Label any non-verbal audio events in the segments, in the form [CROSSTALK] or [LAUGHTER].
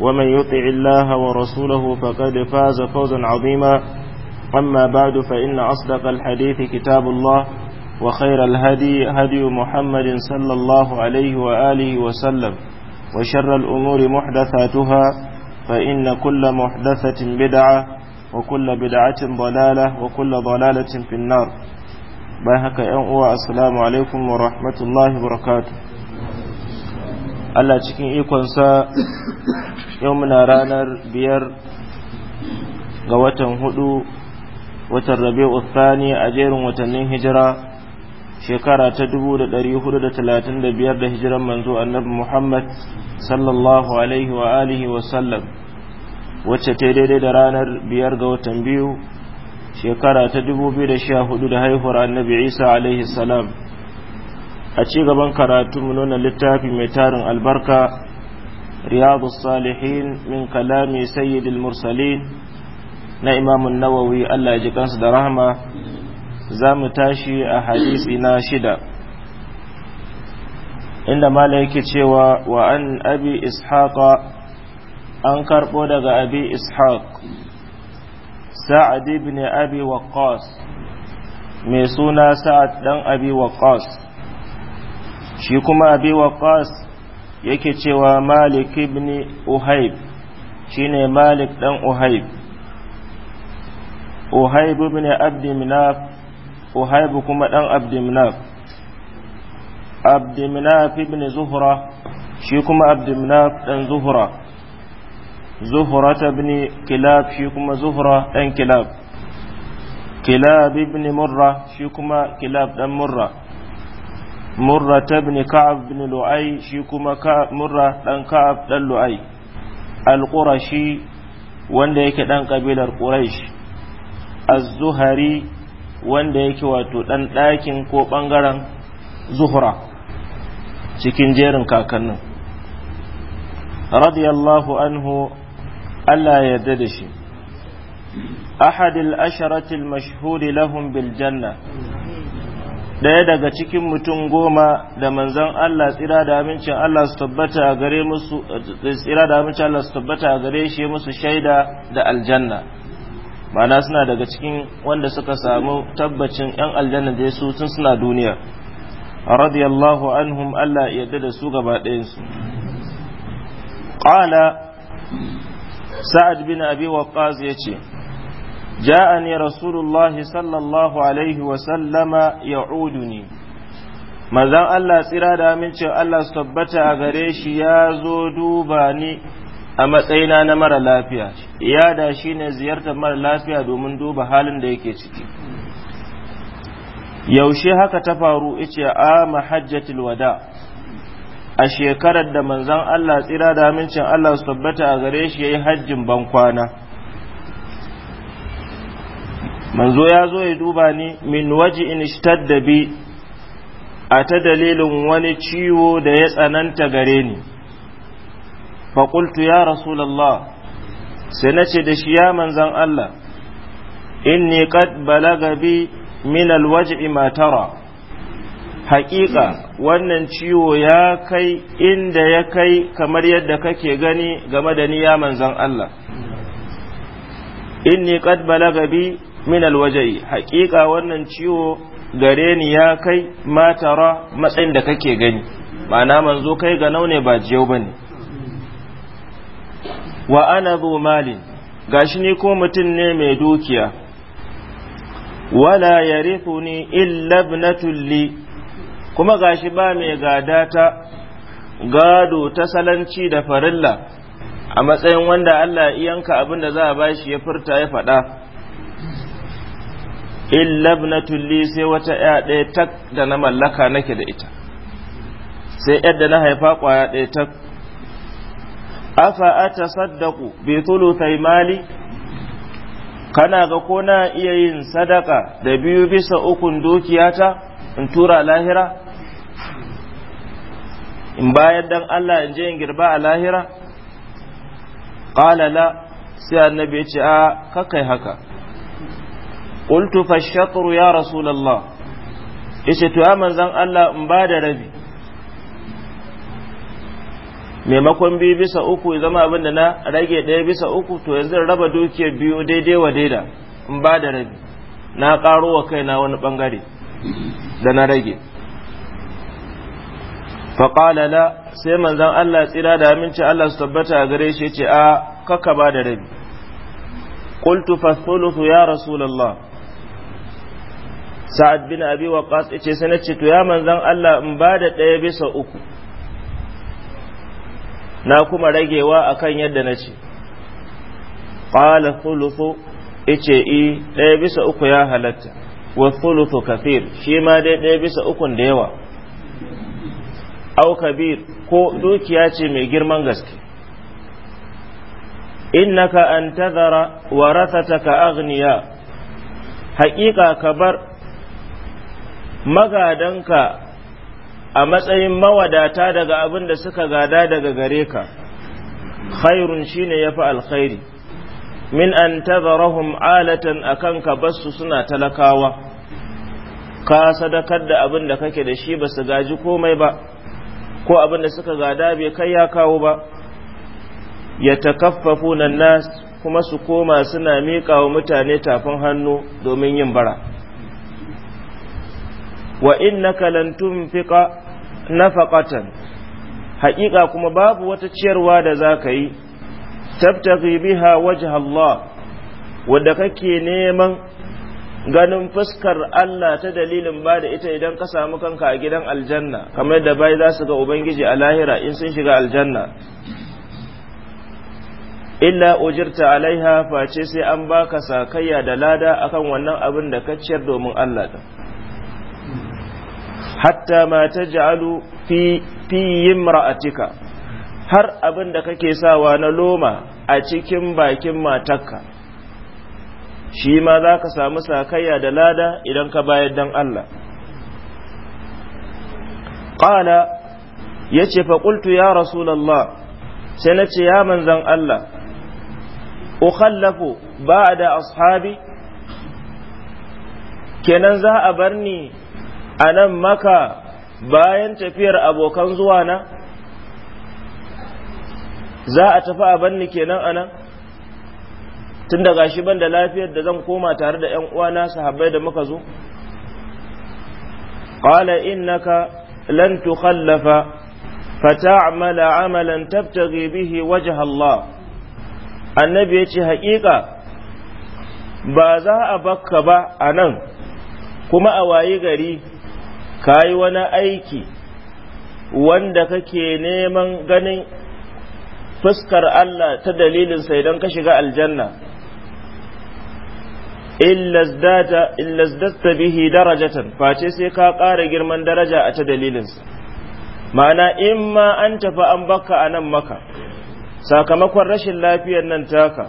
ومن يطع الله ورسوله فقد فاز فوزا عظيما أما بعد فإن أصدق الحديث كتاب الله وخير الهدي هدي محمد صلى الله عليه وآله وسلم وشر الأمور محدثاتها فإن كل محدثة بدعة وكل بدعة ضلالة وكل ضلالة في النار باهك أنقوى السلام عليكم ورحمة الله وبركاته Allah cikin ikonsa yau muna ranar biyar ga watan hudu watan rabi'u thani a jerin watannin hijira shekara ta dubu da hudu da da da talatin biyar hijiran manzo annabi Muhammad sallallahu alaihi wa alihi wa sallam wacce ta daidai da ranar biyar ga watan biyu shekara ta dubu biyu da sha hudu da haihuwar annabi Isa alaihi salam a ci gaban karatu mu nuna littafi mai tarin albarka riyadu salihin min kalami sayyidil mursalin na imamun nawawi Allah ya ji kansa da rahama za mu tashi a hadisi na shida inda mala yake cewa wa an abi ishaqa an karbo daga abi ishaq sa'ad ibn abi waqqas mai suna sa'ad dan abi waqqas shi kuma abi waqas yake cewa malik ibn uhayb shine malik dan uhayb uhayb ibn abd minaf uhayb kuma dan abd minaf abd minaf ibn zuhra shi kuma abd minaf dan zuhra zuhra ibn kilab shi kuma zuhra dan kilab kilab ibn murra shi kuma kilab dan murra murra ta bin ka'ab bin lu'ai shi kuma murra ɗan ka'ab ɗan lu'ai al-qurashi wanda yake ɗan kabilar ƙuraish az-zuhari wanda yake wato ɗan ɗakin ko ɓangaren zuhra cikin jerin kakannin radiyallahu anhu Allah ya yarda da shi ahad al-asharati al-mashhur lahum bil janna ɗaya daga cikin mutum goma da manzan Allah tsira da amincin Allah su tabbata a gare musu tsira da amincin Allah su tabbata a gare shi musu shaida da aljanna ma'ana suna daga cikin wanda suka samu tabbacin yan aljanna da su tun suna duniya radiyallahu anhum Allah ya yarda da su gaba ɗayan su qala sa'ad bin abi waqqas yace جاءني رسول الله صلى الله عليه وسلم يعودني manzan Allah tsira da amincin Allah su tabbata a gare shi ya zo duba ni a matsayina na mara lafiya iyada shi ne ziyartar mara lafiya domin duba halin da yake ciki yaushe haka ta faru ice a mahajjatul wada a shekarar da manzan Allah tsira da amincin Allah su tabbata a gare shi ya yi hajjin bankwana manzo ya zo ya duba ni min waji in bi a ta dalilin wani ciwo da ya tsananta gare ni faƙultu ya rasulallah sai na ce da shi ya manzan Allah inni qad balaga bi min alwaji ma tara haƙiƙa wannan ciwo ya kai inda ya kai kamar yadda kake gani game da ni ya manzan Allah inni qad balaga bi min alwajai haƙiƙa wannan ciwo gare ni ya kai matara matsayin da kake gani ma'ana manzo kai ga naune ba jiyau bane wa ana zo malin gashi ni ko mutum ne mai dukiya wala ya ni illa tulli. kuma gashi ba mai gada ta gado ta salanci da farilla a matsayin wanda Allah iyanka abin da za a bashi ya furta ya faɗa illa ibnatul li sai wata ya ɗaya tak da na mallaka nake da ita sai yadda na haifa kwaya ɗaya tak afa atasaddaqu bi thuluthi mali kana ga ko na iya yin sadaka da biyu bisa ukun dukiyata in tura lahira in bayan dan Allah in je in girba a lahira qala la sai annabi ya ce a kakai haka qultu fa shatru ya rasulullah Ishe to ya zan Allah in ba da rabi maimakon biyu bisa uku ya zama abin da na rage ɗaya bisa uku to yanzu raba dukiyar biyu daidai wa daida in ba da rabi na ƙaro wa kaina wani ɓangare da na rage faƙala la sai manzan Allah tsira da aminci Allah su tabbata a gare shi ce a kaka ba da rabi qultu fa ya rasulullah sa'ad bin abi waqas yace sai na ce to ya manzon Allah in ba da ɗaya bisa uku na kuma ragewa akan yadda na ce qala thuluthu yace i ɗaya bisa uku ya halatta wa thuluthu kafir shi ma dai ɗaya bisa ukun da yawa au kabir ko dukiya ce mai girman gaske innaka an tazara warathata ka agniya haƙiƙa ka bar magadanka a matsayin mawadata daga abin da suka gada daga gare ka khairun shine yafi alkhairi min an tadarahum alatan akan ka basu suna talakawa ka sadakar da abin da kake da shi basu gaji komai ba ko abin da suka gada bai kai ya kawo ba ya takaffafu nas kuma su koma suna miƙa mutane tafin hannu domin yin bara wa innaka lan tunfiqa nafaqatan haƙiƙa kuma babu wata ciyarwa da za ka yi tabtaghi biha wajha Allah wanda kake neman ganin fuskar Allah ta dalilin ba da ita idan ka samu kanka a gidan aljanna kamar da bai za su ga ubangiji a lahira in sun shiga aljanna illa ujirta alaiha face sai an baka sakayya da lada akan wannan abin da ka ciyar domin Allah ta hatta ma تجعل fi في imra'atika har abin da kake sawa na loma a cikin bakin matarka shi ma za ka samu sakayya da lada idan ka bayar dan Allah qala yace fa qultu ya rasulullah sai na ce ya manzan Allah ukhallafu da ashabi kenan za a bar ni a nan maka bayan tafiyar abokan zuwa na za a tafi a banni kenan a nan tun da gashi ban da lafiyar da zan koma tare da ‘yan uwana sahabbai da muka zo ƙwala innaka lan tukhallafa fata'amala amalan tabtaghi bihi wajh Allah annabi yace haƙiƙa ba za a bakka ba a nan kuma a wayi gari ka yi wani aiki wanda kake neman ganin fuskar Allah ta dalilinsa idan ka shiga aljanna illazdata bihi darajatan face sai ka kara girman daraja a ta dalilinsa ma'ana in ma an tafi an baka a nan maka sakamakon rashin lafiyar nan taka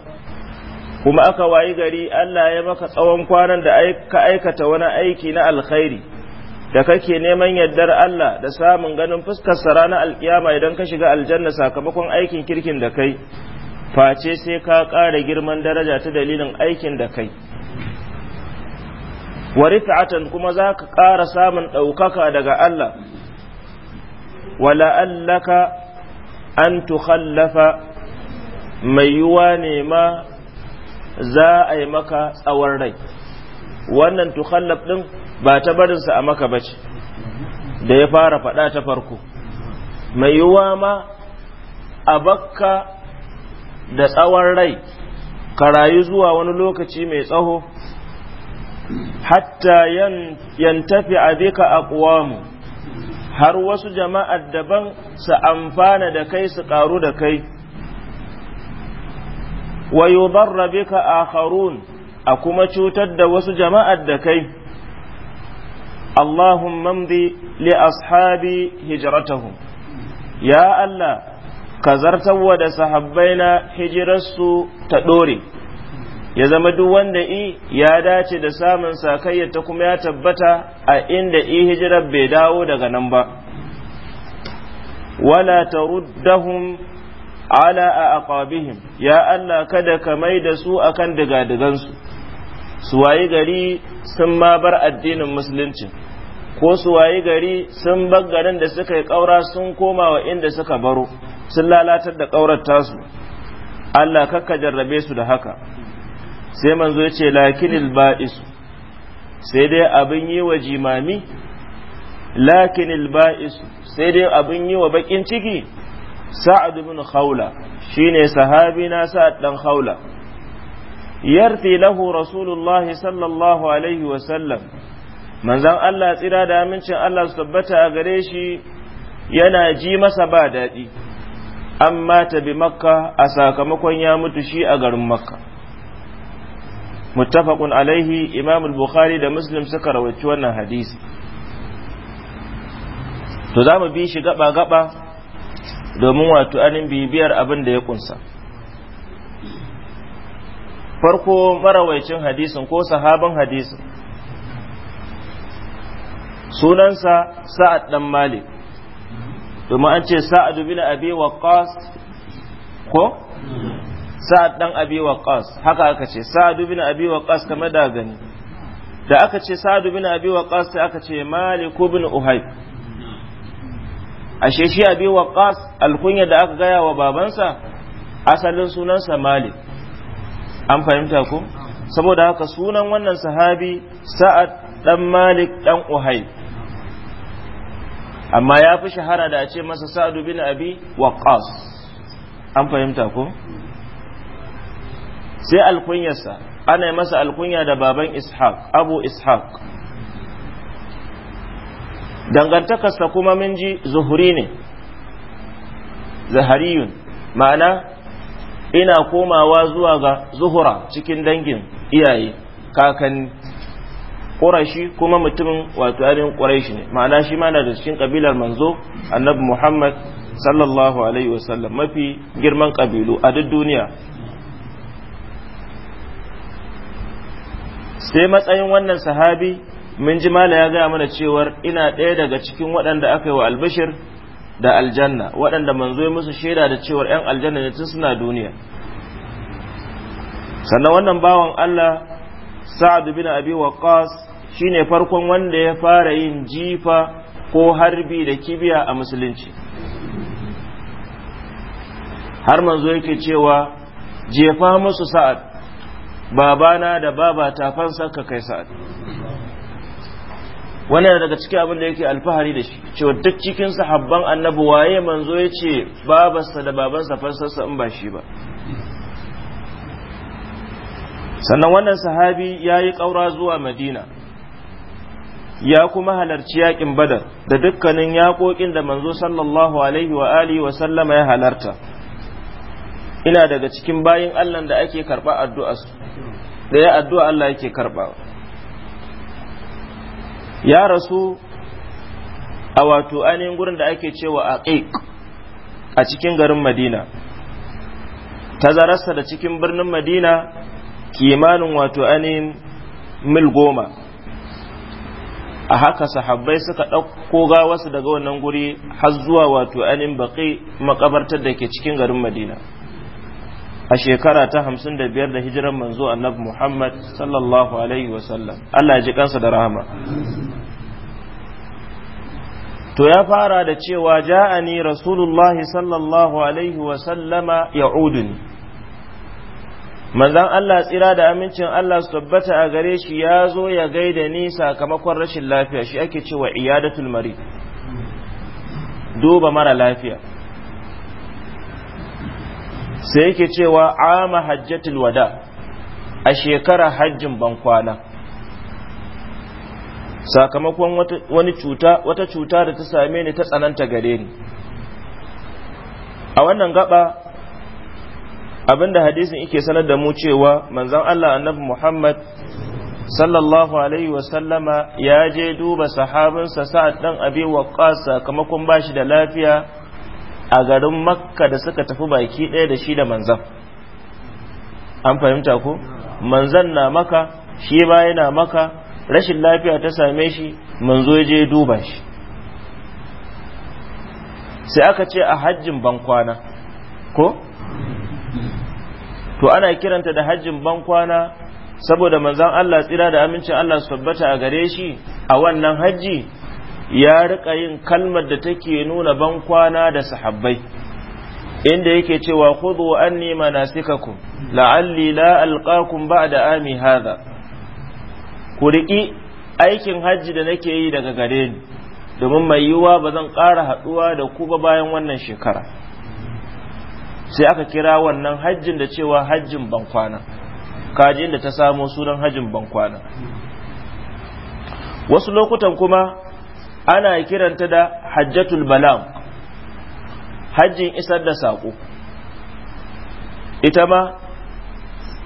kuma aka wayi gari Allah ya maka tsawon kwanan da ka aikata wani aiki na alkhairi da kake neman yardar Allah da samun ganin fuskar sa ranar alkiyama idan ka shiga aljanna sakamakon aikin kirkin da kai face sai ka ƙara girman daraja ta dalilin aikin da kai wa rifa'atan kuma za ka ƙara samun ɗaukaka daga Allah wala allaka an tukhallafa mai yiwa ne ma za a yi maka tsawon rai wannan tukhallaf ɗin ba ta barinsa a maka bace. da ya fara faɗa ta farko mai yiwuwa ma a bakka da tsawon rai ka rayu zuwa wani lokaci mai tsaho hatta yantafi abika aqwamu har wasu jama'ar daban su amfana da kai su ƙaru da kai wa yudarra bika akharun a kuma cutar da wasu jama'ar da kai li اللهم امضي لأصحابي هجرتهم يا الله كزرت ود hijirarsu ta ɗore. ya zama duk wanda i ya dace da samun sakayyar ta kuma ya tabbata a inda i hijirar bai dawo daga nan ba wala taruddahum ala a aqabihim ya Allah kada ka mai da su akan diga-digansu. su wayi gari sun ma bar addinin musulunci ko su wayi gari sun bar garin da suka yi ƙaura sun koma wa inda suka baro sun lalatar da ƙaurar tasu Allah kakka jarrabe su da haka sai manzo ya ce lakinil ba'isu sai dai abin yi wa jimami lakinil ba'isu sai dai abin yi wa bakin ciki sa'ad ibn khawla shine sahabi na sa'ad dan khawla Yar lahu rasulullahi sallallahu alaihi sallam manzan Allah tsira da amincin Allah su tabbata a gare shi yana ji masa ba daɗi amma ta bi makka a sakamakon ya mutu shi a garin makka muttafaqun alaihi imam bukhari da muslim suka rawarci wannan hadisi to za mu bi shi gaba-gaba domin wato anin bibiyar abin da ya kunsa. farko marawaicin hadisin ko sahaban hadisin sunansa sa'ad dan malik domin an ce sa'ad bin abi waqqas ko sa'ad dan abi waqqas haka aka ce sa'ad bin abi waqqas kamar da gani da aka ce sa'ad bin abi waqqas sai aka ce malik ibn uhayb ashe shi abi waqqas alkunya da aka gaya wa babansa asalin sunansa malik an fahimta ko saboda haka sunan wannan sahabi sa'ad dan malik dan uhai amma ya fi shahara da a ce masa sa'adu bin abi waqas an fahimta ko sai alkunyarsa ana masa alkunya da baban ishaq abu ishaq dangantakarsa kuma min ji zuhuri ne zahariyun ma'ana ina komawa zuwa ga zuhura cikin dangin iyaye kakanni ƙurashi kuma mutumin wato ainihin ƙurashi ne ma'ana shi ma na da cikin ƙabilar manzo annabi muhammad sallallahu alaihi wasallam mafi girman ƙabilu a duk duniya sai matsayin wannan sahabi mun ji mala ya gaya mana cewar ina ɗaya daga cikin waɗanda aka yi wa albashir da aljanna waɗanda manzo ya musu shaida da cewa 'yan aljanna ne tun suna duniya sannan wannan bawan Allah sa'ad bin abi waqqas shine farkon wanda ya fara yin jifa ko harbi da kibiya a musulunci har manzo yake cewa jefa musu sa'ad babana da baba tafansa ka kai sa'ad wannan daga cikin abin da yake alfahari da shi cewa duk cikin sahabban annabi waye manzo ya ce babarsa da babansa fansarsa in ba shi ba sannan wannan sahabi ya yi ƙaura zuwa madina ya kuma halarci yaƙin badar da dukkanin yaƙoƙin da manzo sallallahu alaihi wa alihi wa sallama ya halarta ina daga cikin bayin allah da ake karɓa addu'a da ya addu'a allah yake karɓa ya rasu a wato ainihin gurin da ake cewa a a cikin garin madina tazararsa da cikin birnin madina kimanin wato ainihin mil goma a haka sahabbai suka ɗauko gawarsu daga wannan guri har zuwa wato ainihin baƙi makabartar da ke cikin garin madina a shekara ta hamsin da biyar da hijiran manzo annabi Muhammad sallallahu alaihi wasallam Allah ya ji kansa da rahama to ya fara da cewa ja'ani rasulullahi sallallahu alaihi wasallama ya'uduni manzan Allah tsira da amincin Allah su tabbata a gare shi ya zo ya gaida ni sakamakon rashin lafiya shi ake cewa iyadatul mari duba mara lafiya sai yake cewa ama hajjatul wada a shekara hajjin bankwana sakamakon wani cuta wata cuta da ta same ni ta tsananta gare ni a wannan gaba abinda hadisin yake sanar da mu cewa manzon Allah annabi Muhammad sallallahu alaihi wasallama ya je duba sahabinsa sa'ad dan abi waqqas sakamakon bashi da lafiya a garin makka da suka tafi baki ɗaya da shi da manzan an fahimta ko manzan na maka shi ma yana maka rashin lafiya ta same shi manzo je duba shi sai aka ce a hajjin bankwana ko to ana kiranta da hajjin bankwana saboda manzan Allah tsira da amincin Allah su tabbata a gare shi a wannan hajji ya rika yin kalmar da take nuna bankwana da sahabbai inda yake cewa khudhu anni manasikakum la'alli la alqakum ba'da ami hadha ku riƙi aikin hajji da nake yi daga gare ni domin mai yiwuwa ba zan ƙara haɗuwa da ku ba bayan wannan shekara sai aka kira wannan hajjin da cewa hajjin bankwana kaji da ta samo sunan hajjin bankwana wasu lokutan kuma ana kiranta da hajjatul balam hajjin isar da saƙo ita ma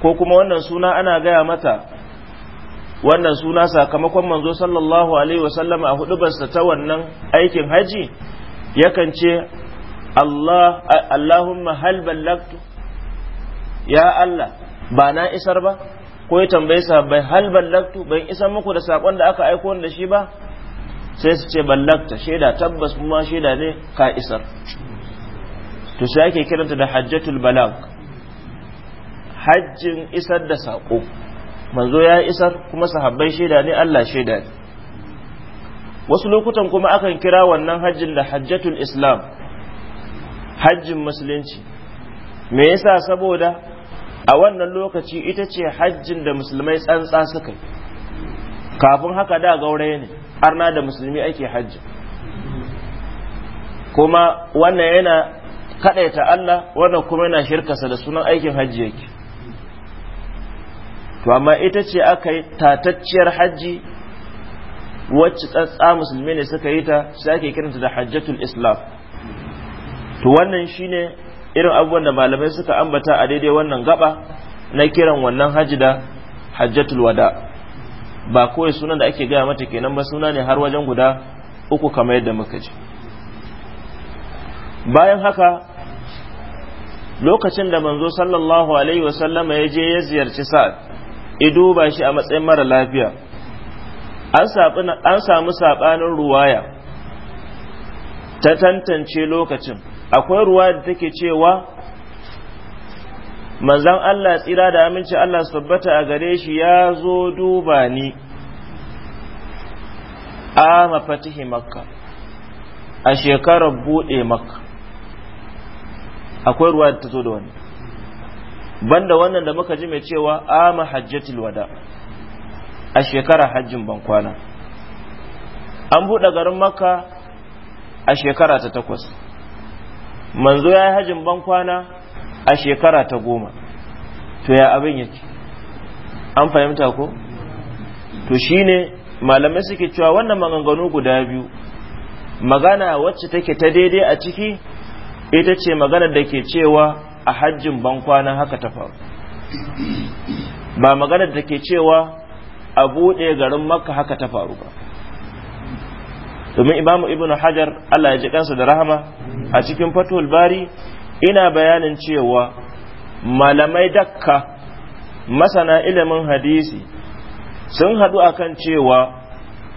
ko kuma wannan suna ana gaya mata wannan suna sakamakon manzo sallallahu alaihi wasallam a hudubarsa ta wannan aikin haji yakan ce Allah Allahumma hal ballagtu ya Allah ba na isar ba ko ya tambaye bai hal ballagtu ban isar muku da sakon da aka aiko da shi ba sai su ce ballakta shaida tabbas kuma ma shaida ne ka isar to sai ake kiranta da hajjatul balag hajjin isar da saƙo manzo ya isar kuma sahabbai shaida ne Allah shaida ne wasu lokutan kuma akan kira wannan hajjin da hajjatul islam hajjin musulunci me yasa saboda a wannan lokaci ita ce hajjin da musulmai tsantsa suka yi. kafin haka da gauraye ne arna da musulmi ake hajji kuma wannan yana kadaita Allah wannan kuma yana shirkasa da sunan aikin hajji yake to amma ita ce aka yi tatacciyar hajji wacce tsatsa musulmi ne suka yi ta sai ake kiranta da hajjatul islam to wannan shine irin abubuwan da malamai suka ambata a daidai wannan gaba na kiran wannan hajji da hajjatul wada' ba kawai sunan da ake gaya mata kenan ba suna ne har wajen guda uku kamar yadda muka ji bayan haka lokacin da manzo sallallahu alaihi wasallama ya je ya ziyarci sa'ad ido ba shi a matsayin mara lafiya an samu saɓanin ruwaya ta tantance lokacin akwai ruwa da take cewa Manzan Allah tsira da aminci Allah su tabbata a gare shi ya zo duba ni a mafatihi makka a shekarar buɗe makka akwai ruwa da ta zo da wani banda wannan da muka ji mai cewa a mahajjatul wada a shekarar hajjin bankwana an buɗe garin makka a shekara ta takwas manzo ya yi hajjin bankwana a shekara ta goma to ya abin yake an fahimta ko to shine malamai suke cewa wannan maganganu guda biyu magana wacce take ta daidai a ciki ita ce maganar da ke cewa a hajjin bankwana haka ta faru ba maganar da ke cewa a buɗe garin makka haka ta faru ba domin imamu ibnu hajar allah ya ji kansa da rahama a cikin fatul bari ina bayanin cewa malamai dakka masana ilimin hadisi sun haɗu kan cewa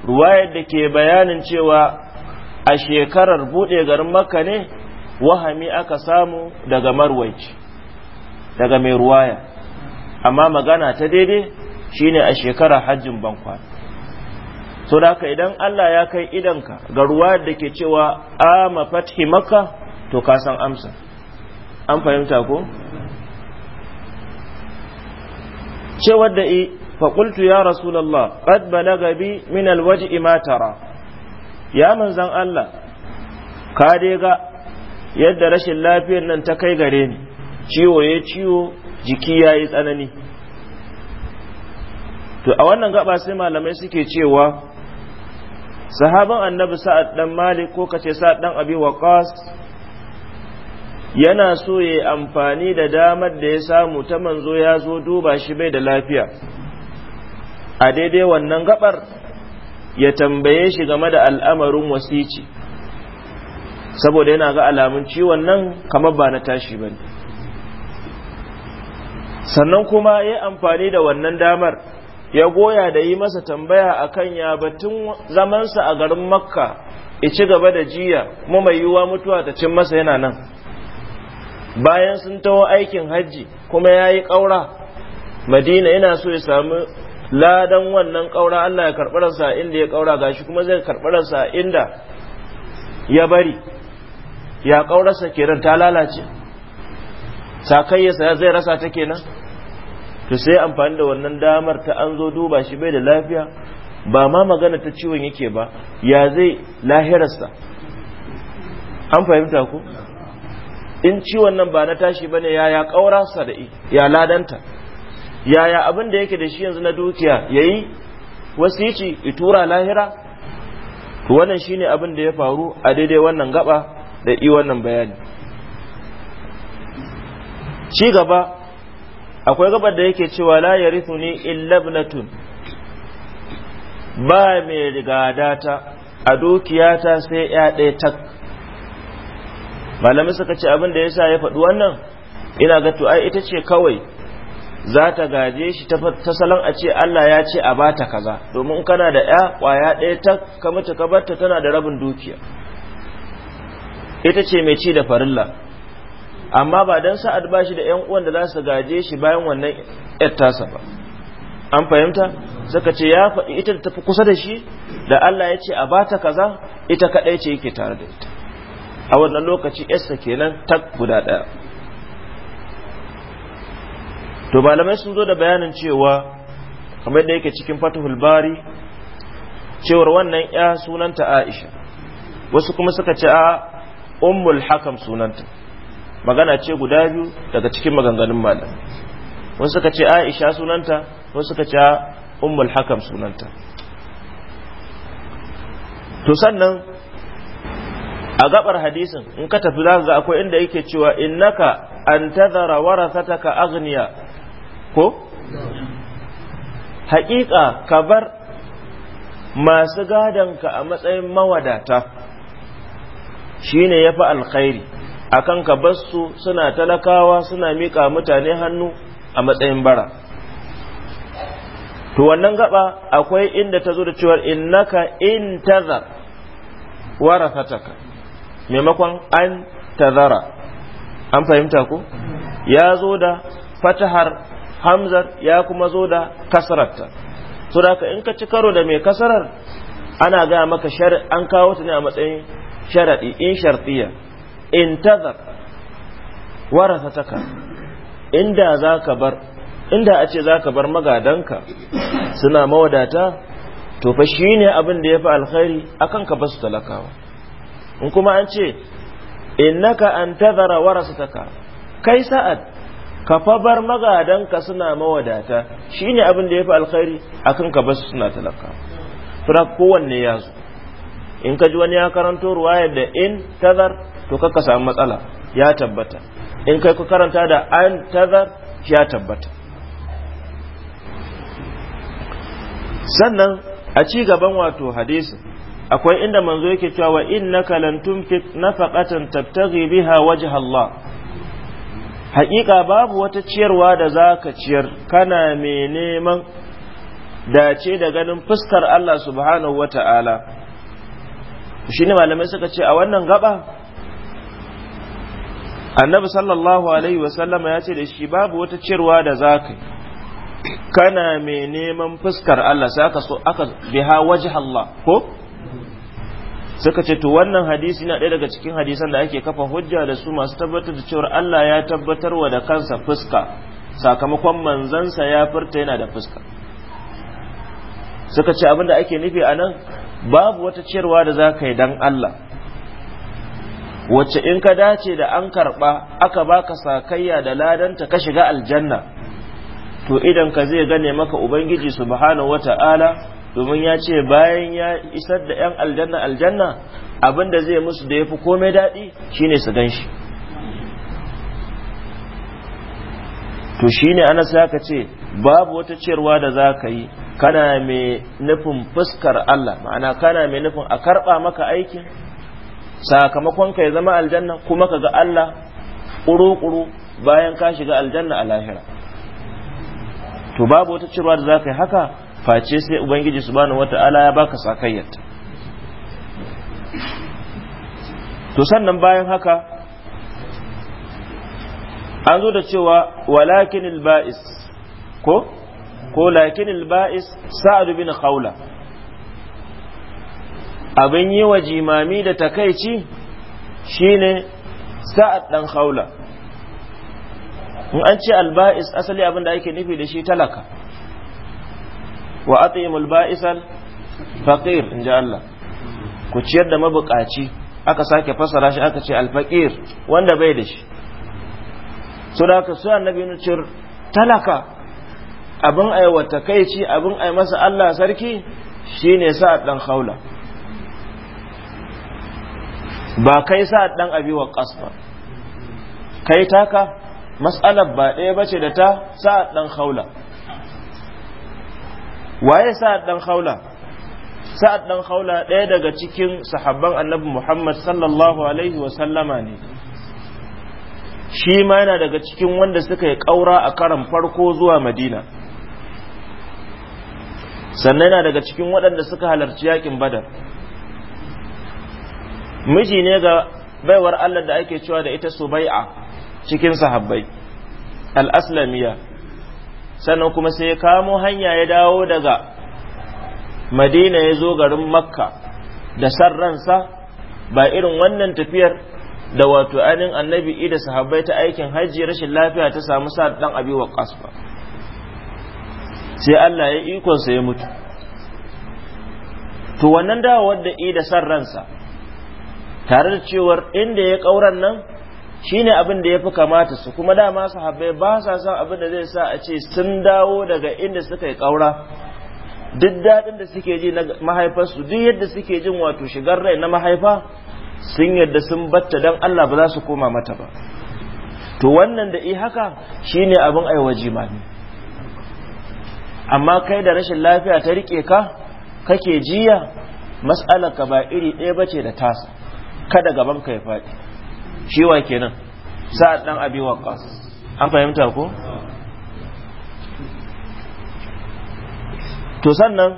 ruwayar da ke bayanin cewa a shekarar buɗe garin makka ne wahami aka samu daga marwaici daga mai ruwaya amma magana ta daidai shine a shekarar hajjin bankwa to da haka idan Allah ya kai idanka ga ruwayar da ke cewa a mafathi makka to ka san amsa an fahimta ko cewar da i faƙultu ya rasulallah ƙad balaga bi min alwaji imatara ya manzan Allah ka dai ga yadda rashin lafiyar nan ta kai gare ni ciwo ya ciwo jiki ya yi tsanani to a wannan gaba sai malamai suke cewa sahaban annabi sa'ad dan malik ko kace sa'ad dan abi waqas yana so ya amfani da damar da ya samu ta manzo ya zo duba shi bai da lafiya a daidai wannan gabar ya tambaye shi game da al'amarin wasici saboda yana ga alamun ciwon nan kamar ba na tashi ba sannan kuma ya amfani da wannan damar ya goya da yi masa tambaya akan ya batun zamansa a garin makka ya ci gaba da jiya kuma mai yiwuwa mutuwa ta cin masa yana nan bayan sun taho aikin hajji kuma ya yi ƙaura madina yana so ya samu ladan wannan ƙaura allah ya karɓararsa inda ya ƙaura gashi kuma zai karɓararsa inda ya bari ya ƙaurarsa kenan ta lalace sakayyarsa zai rasa ta kenan to sai amfani da wannan damar ta an zo duba shi bai da lafiya ba ma magana ta ciwon yake ba ya zai lahirarsa an fahimta ku in ciwon nan ba na tashi bane yaya ƙaurasa da ya ladanta yaya abin da yake da shi yanzu na dukiya yayi wasici itura lahira to wannan shine abin da ya faru a daidai wannan gaba da i wannan bayani ci gaba akwai gabar da yake cewa la yarithuni illa ibnatun ba mai rigadata a dukiyata sai ya ɗaya tak malamai suka ce abin da ya sa ya faɗi wannan ina ga to ai ita ce kawai za ta gaje shi ta salon a ce Allah ya ce a bata kaza domin kana da ya kwaya ɗaya ta ka mace ka barta tana da rabin dukiya ita ce mai ci da farilla amma ba dan sa'ad ba shi da yan uwan da za su gaje shi bayan wannan yar tasa ba an fahimta suka ce ya faɗi ita da tafi kusa da shi da Allah ya ce a bata kaza ita kaɗai ce yake tare da ita a wannan lokaci yarsa kenan tak guda ɗaya to malamai sun zo da bayanin cewa kamar da yake cikin fatahul bari cewar wannan ya sunanta aisha wasu kuma suka ce a ummul hakam sunanta magana ce guda biyu daga cikin maganganun malam wasu suka ce aisha sunanta wasu suka ce ummul hakam sunanta to sannan a gabar hadisin in ka tafi za ga akwai inda yake cewa innaka an tazara warasataka agniya ko haƙiƙa ka bar masu gadonka a matsayin mawadata shine yafi alkhairi akan ka bar su suna talakawa suna miƙa mutane hannu a matsayin bara to wannan gaba akwai inda ta zo da cewar innaka in tazar warasataka maimakon an tazara an fahimta ko ya zo da fatahar hamzar ya kuma zo da kasararta to da ka in ka ci karo da mai kasarar ana gaya maka an kawo ta ne a matsayin sharaɗi in shartiya in tazar warasataka inda za ka bar inda a ce za ka bar magadanka suna mawadata to fa shine abin da ya fi alkhairi akan ka basu talakawa in kuma an ce innaka an tazara warasataka kai sa'ad ka fa bar magadanka suna mawadata shine abin da yafi alkhairi akan ka basu suna talaka fara kowanne ya zo in ka ji wani ya karanto ruwaya da in tazar to kakka samu matsala ya tabbata in kai ku karanta da an tazar ya tabbata sannan a ci gaban wato hadisin akwai inda manzo yake cewa wa innaka lan tunfiq nafaqatan tabtaghi biha wajha Allah haƙiƙa babu wata ciyarwa da zaka ciyar kana mai neman dace da ganin fuskar Allah subhanahu wata'ala shi ne malamai suka ce a wannan gaba annabi sallallahu alaihi wasallama ya ce da shi babu wata ciyarwa da zaka kana mai neman fuskar Allah sai aka so aka biha wajha Allah ko suka ce to wannan hadisi na ɗaya daga cikin hadisan da ake kafa hujja da su masu tabbatar da cewar Allah ya tabbatar wa da kansa fuska sakamakon manzansa ya furta yana da fuska suka ce da ake nufi a nan babu wata ciyarwa da za ka yi don Allah wacce in ka dace da an karɓa aka baka sakayya da ladanta ka shiga aljanna to idan ka zai gane maka ubangiji subhanahu wata'ala domin ya ce bayan ya isar da 'yan aljanna aljanna abin da zai musu da ya fi komai daɗi shine su gan shi to shine ana sa ka ce babu wata ciyarwa da za ka yi kana mai nufin fuskar Allah ma'ana kana mai nufin a karɓa maka aikin sakamakon ka ya zama aljanna kuma ka ga Allah ƙuru-ƙuru bayan ka shiga aljanna a lahira to babu wata ciyarwa da za ka yi haka face sai ubangiji subhanahu wata'ala ya baka sakayyarta to sannan bayan haka an zo da cewa walakin ba'is ko ko lakin ba'is sa'ad bin khawla abin yi wa jimami da takaici shine sa'ad dan khawla in an ce alba'is asali abin da ake nufi da shi talaka wa atimul ba'isan faqir in ji Allah ku ciyar da mabukaci aka sake fasara shi aka ce alfaqir wanda bai da shi so da ka su annabi ne cir talaka abin aiwata kai ci abin ai masa Allah sarki shine sa dan haula ba kai sa dan abi wa qasba kai taka mas'alar ba ɗaya bace da ta sa dan haula waye sa'ad dan khawla sa'ad dan khawla ɗaya daga cikin sahabban annabi muhammad sallallahu alaihi wa sallama ne shi ma yana daga cikin wanda suka yi ƙaura a karan farko zuwa madina sannan yana daga cikin waɗanda suka halarci yakin badar miji ne ga baiwar allah da ake cewa da ita subai'a cikin sahabbai al-aslamiya sannan kuma sai ya kamo hanya ya dawo daga madina ya zo garin makka da san ransa ba irin wannan tafiyar da wato anin annabi ida sahabbai ta aikin hajji rashin lafiya ta samu sa dan abi wa kasfa sai Allah ya ikon sa ya mutu to wannan dawowar da ida san ransa tare da cewar inda ya kauran nan Shi ne abin da ya fi kamata su kuma dama sahabbai ba sa son abin da zai sa a ce sun dawo daga inda suka yi ƙaura duk daɗin da suke ji na mahaifarsu duk yadda suke jin wato shigar rai na mahaifa sun yadda sun batta don Allah ba za su koma mata ba to wannan da i haka shi ne abin aiwaji ne. amma kai da rashin lafiya ta riƙe ka kake jiya mas'alar ka ba iri ɗaya bace da tasa kada gaban ka ya faɗi Shiwa kenan sa'ad dan abi waqas an fahimta ko to sannan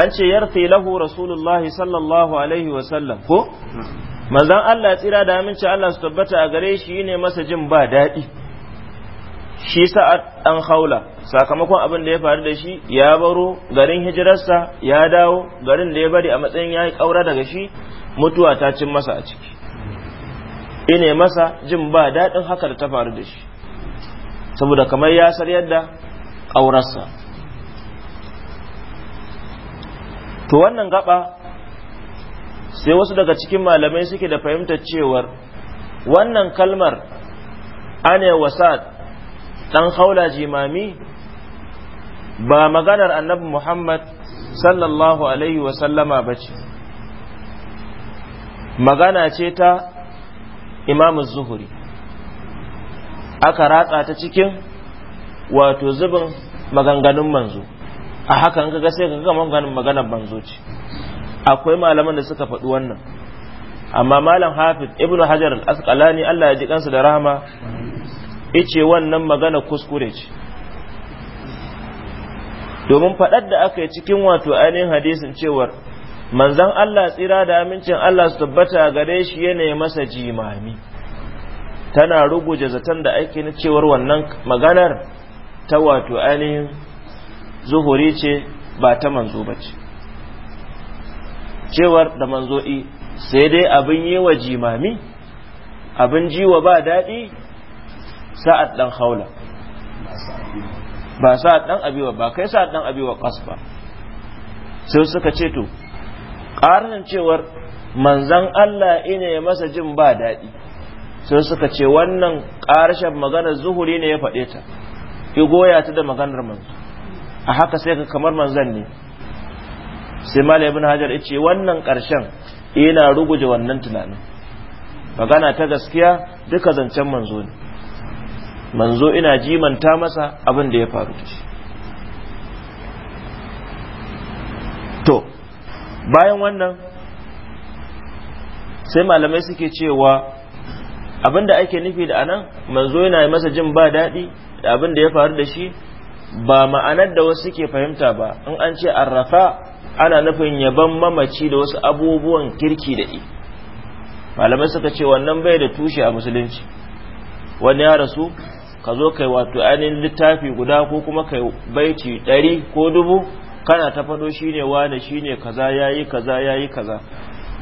an ce yarfi lahu rasulullahi sallallahu alaihi wa sallam ko manzan Allah tsira da aminci Allah su tabbata a gare shi ne masa jin ba daɗi shi sa'ad dan haula sakamakon abin da ya faru da shi ya baro garin hijirarsa ya dawo garin da ya bari a matsayin ya yi ƙaura daga shi mutuwa ta cin masa a ciki ine masa jin ba daɗin haka da ta faru da shi saboda kamar ya san yadda aurarsa to wannan gaba sai wasu daga cikin malamai suke da fahimtar cewar wannan kalmar ane wasat dan haula jimami ba maganar annabi muhammad sallallahu alaihi wasallama ba ce magana ce ta imamu zuhuri aka ratsa ta cikin wato zubin maganganun manzo a hakan kaga sai ga maganganun maganar manzo ce akwai malaman da suka faɗi wannan amma malam hafiz ibnu hajar al-asqalani Allah ya ji kansa da rahama yace wannan magana kuskure ce domin faɗar da aka yi cikin wato ainihin hadisin cewar manzan Allah tsira da amincin Allah su tabbata gare shi yana masa jimami tana ruguje zaton da ake na cewar wannan maganar ta wato ainihin zuhuri ce ba ta manzo ba ce cewar da manzo'i sai dai abin yi wa jimami abin jiwa ba daɗi sa'ad ɗan haula ba sa'ad ɗan abiwa ba kai sa'ad ɗan abiwa ƙas ba sai suka ce to ƙarin cewar manzan Allah ina ya masa jin ba daɗi sun suka ce wannan ƙarshen maganar zuhuri ne ya faɗe ta ki goya ta da maganar manzo a haka sai kamar manzan ne sai malam ibn hajar ya ce wannan ƙarshen ina ruguje wannan tunanin magana ta gaskiya duka zancen manzo ne manzo ina jimanta masa abin da ya faru shi bayan wannan sai malamai suke cewa abinda ake nufi da anan manzo yana masa jin ba daɗi da abin da ya faru da shi ba ma'anar da wasu suke fahimta ba in an ce arrafa ana nufin yaban mamaci da wasu abubuwan kirki da i malamai suka ce wannan bai da tushe a musulunci wani ya rasu ka zo kai wato ainihin littafi guda ko kuma kai baiti ɗari ko dubu kana ta fado ne wane shi ne kaza yi kaza yi kaza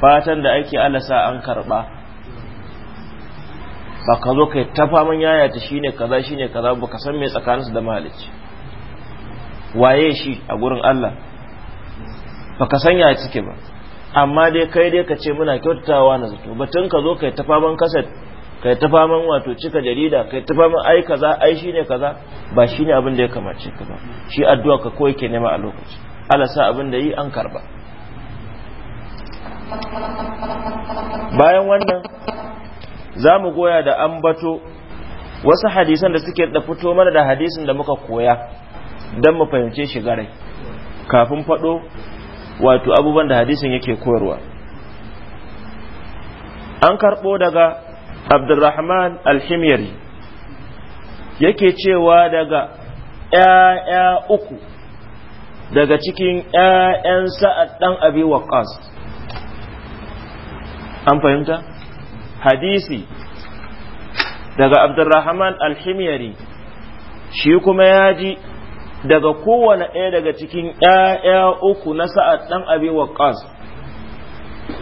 fatan da ake alasa an karba ba ka zo kai ta faman yaya ta shi ne kaza ne kaza ba ka san me tsakaninsu da malici waye shi a gurin Allah ba ka san yaya suke ba amma dai kai dai ka ce muna kyautatawa na zato batun ka zo kai ta faman kasar kai ta faman wato cika jarida kai ta faman ai kaza ai shine kaza ba shine abin da ya kamace ka ba shi addu'a ka koyi ke nema a lokaci Allah sa abin da yi an karba bayan wannan za mu goya da ambato wasu hadisan da suke da fito mana da hadisin da muka koya don mu fahimce shi garai kafin faɗo wato abubuwan da hadisin yake koyarwa an karɓo daga abdurrahman alhimyari yake cewa daga ‘ya'ya uku daga cikin ‘ya'yan sa'ad ɗan abi waqas an fahimta hadisi daga abdurrahman alhimyari shi kuma ya ji daga kowane ɗaya daga cikin ‘ya'ya uku na sa'ad ɗan abi waqas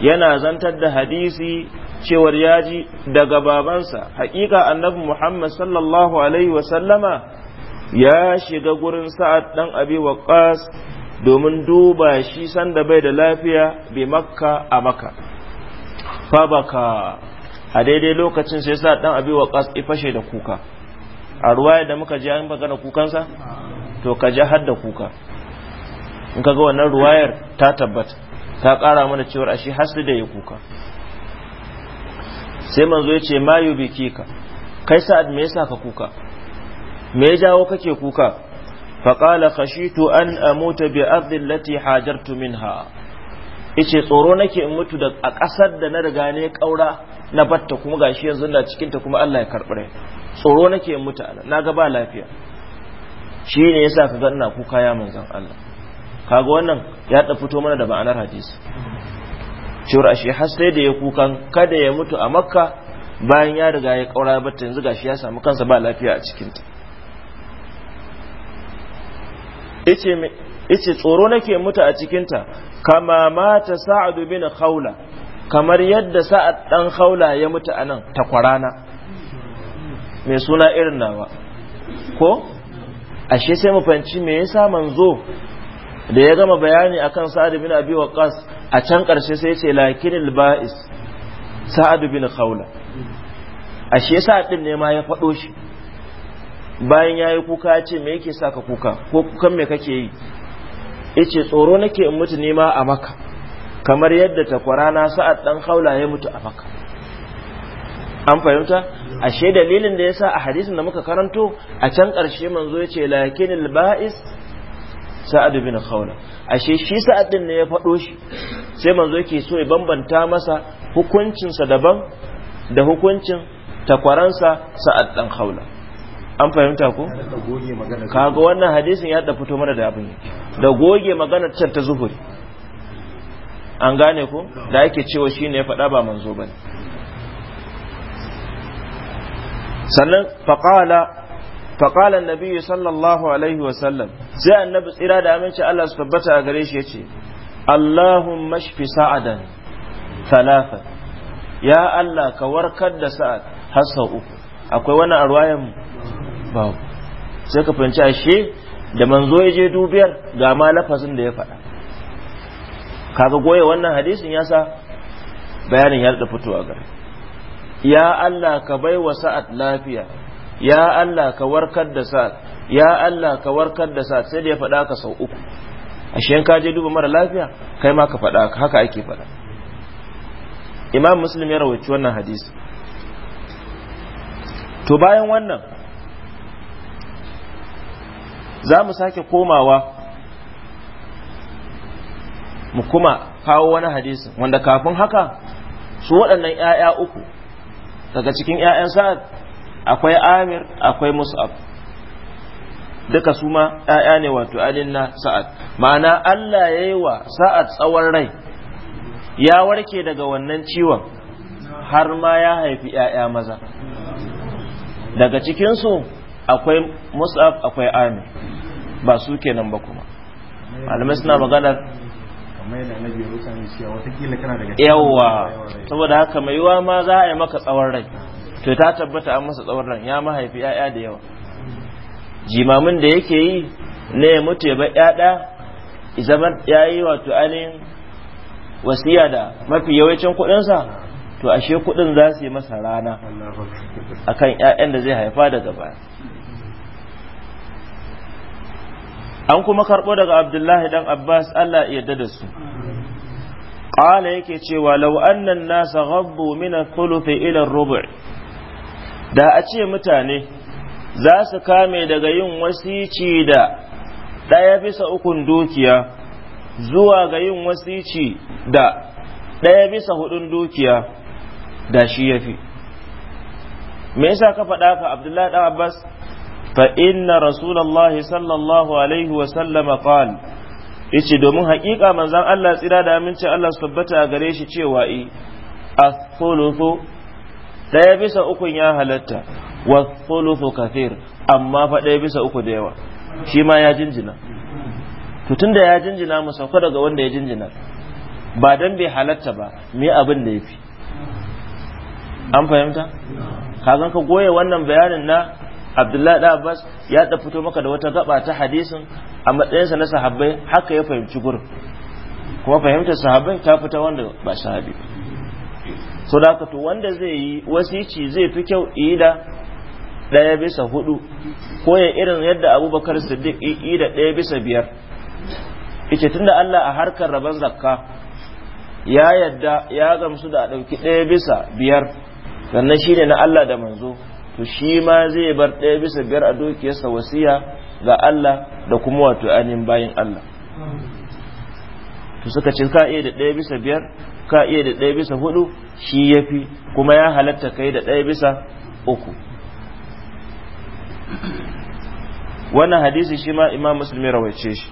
yana zantar da hadisi cewar ji daga babansa haƙiƙa annabi Muhammad sallallahu alaihi wasallama ya shiga gurin sa'ad ɗan abi waqas domin duba shi sanda bai da lafiya bi makka a makka fabaka a daidai lokacin sai sa'ad ɗan abi waqas ya fashe da kuka a ruwaya da muka ji an magana kukansa to ka ji har kuka in ka ga wannan ruwayar ta tabbata ta ƙara mana cewar ashe hasli da ya kuka sai manzo ya ce mayu biki ka kai sa'ad me yasa ka kuka me ya jawo kake kuka qala khashitu an amuta bi ardi allati hajartu minha yace tsoro nake in mutu da a ƙasar da na riga ne kaura na batta kuma gashi yanzu na cikin ta kuma Allah ya karɓi tsoro nake in mutu ana na ga ba lafiya shi ne yasa ka ga ina kuka ya manzon Allah kaga wannan ya da fito mana da ma'anar hadisi cewar ashe har sai da ya kukan kada ya mutu a makka bayan ya riga ya kaura bata yanzu gashi ya samu kansa ba lafiya a cikinta ice tsoro nake mutu a cikinta kama mata sa'adu bin khawla kamar yadda sa'ad dan khawla ya mutu anan ta kwarana. Me suna irin nawa ko ashe sai mu fanci me yasa manzo da ya gama bayani akan sa'ad bin abi waqas a can ƙarshe sai ce lakinil ba'is sa'adu bin khawla ashe sa'ad ɗin ne ma ya faɗo shi bayan yayi kuka ce me yake sa ka kuka ko kukan me kake yi yace tsoro nake in mutu ne ma a maka kamar yadda na sa'ad ɗan khawla ya mutu a maka an fahimta ashe dalilin da yasa a hadisin da muka karanto a can ƙarshe manzo yace lakinil ba'is sa'ad bin khawla ashe shi sa'ad din ne ya faɗo shi sai manzo ke so ya bambanta masa hukuncinsa daban da hukuncin takwaransa sa'ad ɗan khawla an fahimta ko kaga wannan hadisin ya da fito mana da abin da goge maganar can ta zuhuri an gane ko da yake cewa shi ne ya faɗa ba manzo bane sannan faqala فقال النبي sallallahu alaihi wa sallam. سي annabi tsira da aminci Allah su tabbata a gare shi yace Allahumma shfi sa'adan thalatha ya Allah ka warkar da sa'ad har sau uku akwai wani arwayan ba sai ka a ashe da manzo yaje dubiyar ga ma da ya faɗa kaga goye wannan hadisin yasa bayanin ya da fitowa gare ya Allah ka baiwa sa'ad lafiya ya Allah ka warkar da sa ya Allah ka warkar da sa sai da ya fada ka sau uku ashe ka je duba mara lafiya kai ma ka faɗa ka haka ake faɗa imam muslim ya rawaci wannan hadisi to bayan wannan za mu sake komawa mu kuma kawo wani hadisi wanda kafin haka su waɗannan ‘ya'ya uku daga cikin ‘ya'yan sa'ad akwai amir akwai mus'ab duka su ma ‘ya'ya ne wato alin na sa'ad ma'ana Allah ya yi wa sa'ad tsawon rai ya warke daga wannan ciwon har ma ya haifi ‘ya'ya maza daga cikinsu akwai mus'ab akwai amir ba su kenan ba kuma malamai suna maganar yawa saboda haka mai yiwa ma za a yi maka tsawon rai to ta tabbata an masa tsawon ran ya mahaifi ya'ya da yawa jimamin da yake yi na ya mutu ya bar ya'da zaman ya yi wato ainihin wasiya da mafi yawancin kuɗinsa to ashe kuɗin za su yi masa rana a kan yayan da zai haifa daga baya an kuma karɓo daga abdullahi dan abbas allah yarda da su ƙala yake cewa lau annan nasa ghabbu min al-thuluth ila da a ce mutane za su kame daga yin wasici da ɗaya bisa ukun dukiya zuwa ga yin wasici da ɗaya bisa hudun dukiya da shi ya fi me yasa ka faɗa ka abdullahi ɗan abbas fa inna sallallahu alaihi wasallama qal yace domin haƙiƙa manzon Allah tsira da aminci Allah su tabbata a gare shi cewa i athuluthu ɗaya bisa ukun ya halatta wa thuluthu kathir amma fa ɗaya bisa uku da yawa shi ma ya jinjina to tunda ya jinjina mu sauka daga wanda ya jinjina ba dan bai halatta ba me abin da yafi an fahimta kagan ka goye wannan bayanin na Abdullahi da Abbas ya da fito maka da wata gaba ta hadisin a matsayinsa na sahabbai haka ya fahimci gurin kuma fahimtar sahabbai ta fita wanda ba sahabi so wanda zai yi wasici zai fi kyau yi da ɗaya bisa hudu ko ya irin yadda abubakar siddiq yi da ɗaya bisa biyar ita tunda allah a harkar rabon zakka ya yadda ya gamsu da a ɗauki ɗaya bisa biyar sannan shine na allah da manzo to shi ma zai bar ɗaya bisa biyar a dukiyarsa wasiya ga allah da kuma wato anin bayin allah to suka ce ka iya da ɗaya bisa biyar ka iya da ɗaya bisa hudu shi ya fi kuma ya halatta kai da ɗaya bisa uku wannan hadisi shi ma imam musulmi rawaice shi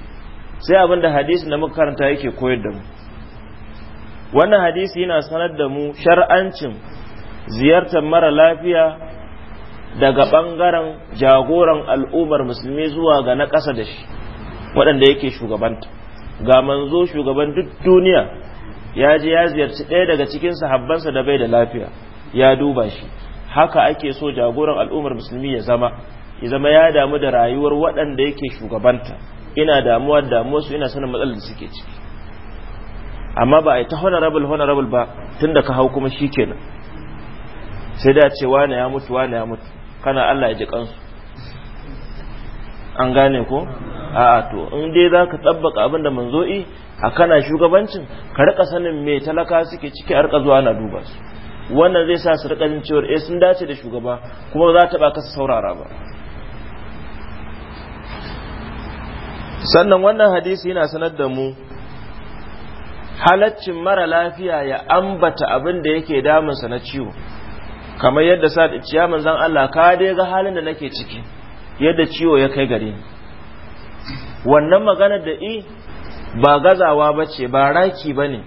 sai abinda hadisi da muka karanta yake koyar da mu wannan hadisi yana sanar da mu shar'ancin ziyartar mara lafiya daga ɓangaren jagoran al'ummar musulmi zuwa ga na ƙasa da shi waɗanda yake shugabanta ga manzo shugaban duk duniya ya je ya ziyarci ɗaya daga cikin sahabbansa da bai da lafiya ya duba shi haka ake so jagoran al'ummar musulmi ya zama ya zama ya damu da rayuwar waɗanda yake shugabanta ina damuwa damuwa su ina sanin matsalar da suke ciki amma ba a yi ta honorable honorable ba tunda ka hau kuma shi kenan sai da ce wane ya mutu wane ya mutu kana Allah ya ji kansu an gane ko A'a to in dai za ka tsabbaka abin da manzo'i a kana shugabancin ka rika sanin me talaka suke ciki a rika zuwa na duba su wannan zai sa su rika jin cewa eh sun dace da shugaba kuma za ta ba ka saurara ba sannan wannan hadisi yana sanar da mu halaccin mara lafiya ya ambata abin da yake damunsa na ciwo kamar yadda sa ciya manzan Allah ka dai ga halin da nake ciki yadda ciwo ya kai gare ni wannan magana da i ba gazawa ba ce ba raki ba ne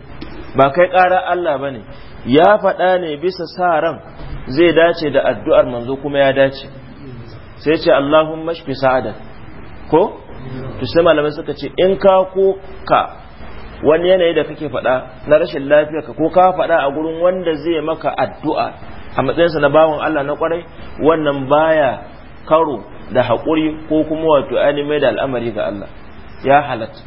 ba kai ƙara Allah ba ne ya faɗa ne bisa sa ran zai dace da addu'ar manzo kuma ya dace sai ce Allahumma shfi sa'ada ko to sai malamai suka ce in ka ko ka wani yanayi da kake faɗa na rashin lafiya ka ko ka faɗa a gurin wanda zai maka addu'a a matsayinsa na bawan Allah na kwarai wannan baya karo da hakuri ko kuma wato ainihin da al'amari ga Allah ya halatta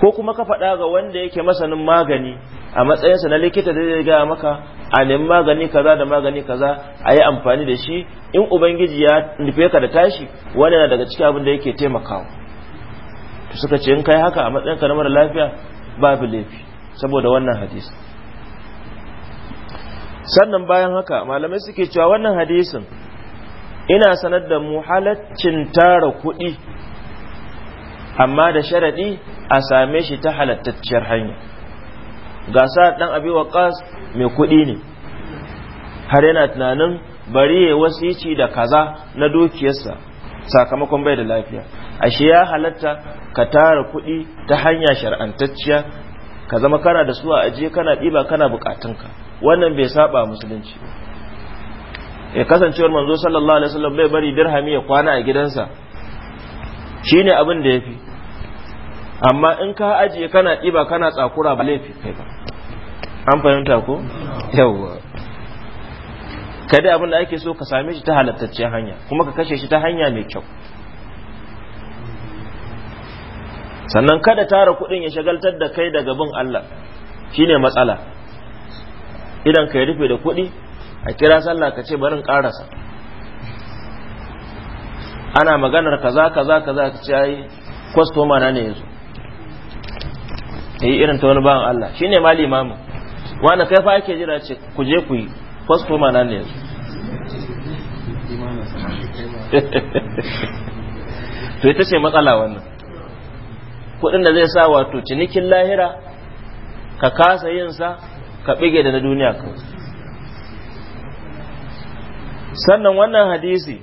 ko kuma ka faɗa ga wanda yake masanin magani a matsayinsa na likita da zai gaya maka a nemi magani kaza da magani kaza a yi amfani da shi in ubangiji ya nufe ka da tashi wani na daga cikin abin da yake taimakawa to suka ce in kai haka a matsayinka na mara lafiya babu laifi saboda wannan hadisi sannan bayan haka malamai suke cewa wannan hadisin ina sanar da mu halaccin tara kuɗi amma da sharaɗi a same shi ta halattacciyar hanya gasa ɗan abi waƙas mai kuɗi ne har yana tunanin bari ya wasici da kaza na dukiyarsa sakamakon bai da lafiya ashe ya halatta ka tara kuɗi ta hanya shar'antacciya ka zama kana da su a ajiye kana ɗiba kana buƙatunka wannan bai saba musulunci ya kasancewar manzo sallallahu alaihi wasallam bai bari dirhami ya kwana a gidansa shine abin da yafi amma in ka ajiye kana ɗiba kana tsakura ba laifi kai ba an fahimta ko yawwa kada abin da ake so ka same shi ta halattacciyar hanya kuma ka kashe shi ta hanya mai kyau sannan kada tara kuɗin ya shagaltar da kai daga bin Allah shine matsala idan ka rufe da kuɗi a kira sallah ka ce barin karasa ana maganar kaza kaza kaza ka ce ai kwastoma na ne yanzu yi eh, irin ta wani bawan Allah shine ma limamin wanda kai fa ake jira ce ku je ku yi kwastoma na ne yanzu [LAUGHS] to ita ce matsala wannan kudin da zai sa wato cinikin lahira ka kasa yinsa ka bige da na duniya kawai sannan wannan hadisi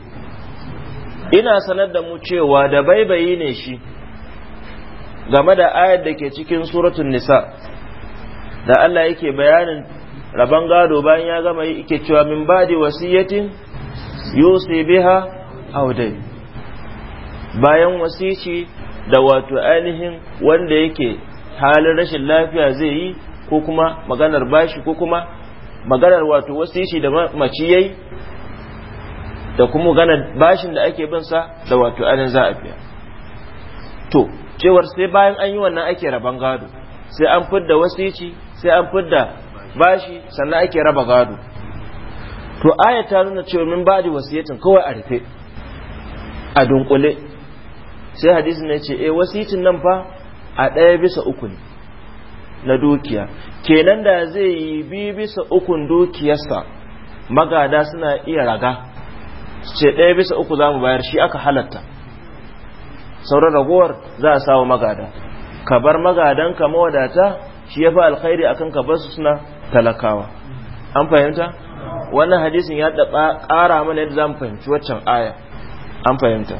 ina sanar da mu cewa da baibayi ne shi game da ayar da ke cikin suratun nisa da Allah yake bayanin rabon gado bayan ya gama yi ike cewa min badi wasiyatin yusi biha audai bayan wasici da wato ainihin wanda yake halin rashin lafiya zai yi ko kuma maganar bashi ko kuma maganar wato wasici da maci yayi da kuma gana bashin da ake bin sa da wato anin za a biya to cewar sai bayan an yi wannan ake raban gado sai an fidda wasici sai an fidda bashi sannan ake raba gado to aya ta nuna cewa min ba da wasiyatin kawai a rufe a dunkule sai hadisi ne ce eh wasicin nan fa a ɗaya bisa uku ne na dukiya kenan da zai yi bi bisa ukun dukiyarsa magada suna iya raga su ce ɗaya bisa uku za mu bayar shi aka halatta sauran ragowar za a sawa magada ka bar magadan ka mawadata shi ya fi alkhairi akan ka bar suna talakawa an fahimta wannan hadisin ya da ƙara mana yadda za mu fahimci waccan aya an fahimta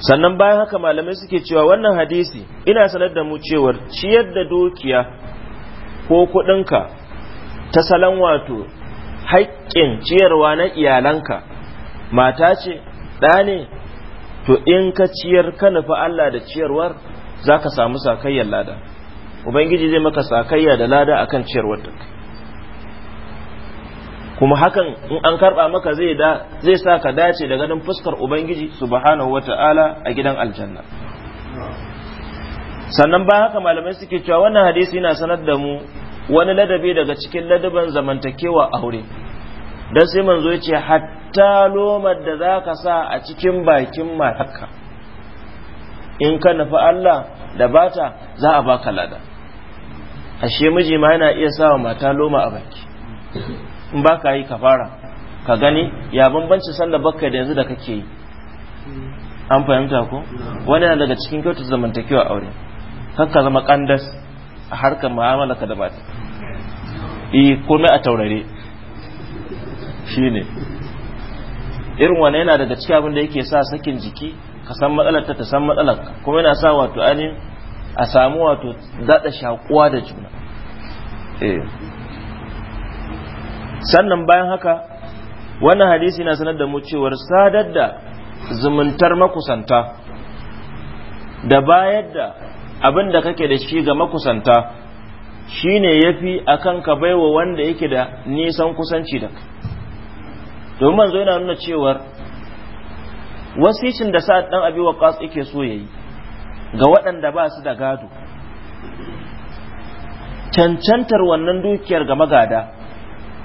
sannan bayan haka malamai suke cewa wannan hadisi ina sanar da mu cewar ciyar da dukiya ko kuɗinka ta salon wato haƙƙin ciyarwa na iyalanka mata ce ɗa ne to in ka ciyar ka nufi Allah da ciyarwar za ka samu sakayyar lada ubangiji zai maka sakayya da lada akan ciyarwar da kuma hakan in an karɓa maka zai da zai sa ka dace da ganin fuskar ubangiji subhanahu wata'ala a gidan aljanna sannan ba haka malamai suke cewa wannan hadisi yana sanar da mu wani ladabi daga cikin ladaban zamantakewa aure dan sai manzo ya ce hatta lomar da za ka sa a cikin bakin matarka in ka nufi Allah da bata za a baka lada ashe miji ma yana iya sawa mata loma a baki in ba ka yi kafara ka gani ya bambanci sanda bakka da yanzu da kake yi an fahimta ko wani daga cikin kyautar zamantakewa aure kakka zama kandas A harkar mu'amala ka da mata eh komai a taurare shine irin wane yana daga cikin abin da yake sa sakin jiki ka san matsalar ta ta san matsalar ka kuma yana sa wato ani a samu wato zaɗa shakuwa da juna eh sannan bayan haka wannan hadisi na sanar da mu cewar sadar da zumuntar makusanta da bayar da abin da kake da shi ga makusanta shi ne shine yafi akan ka baiwa wanda yake da nisan kusanci da ka domin manzo yana nuna cewar wasicin da sa'ad dan abi waqas yake so ya yi ga waɗanda ba su da gado cancantar wannan dukiyar ga magada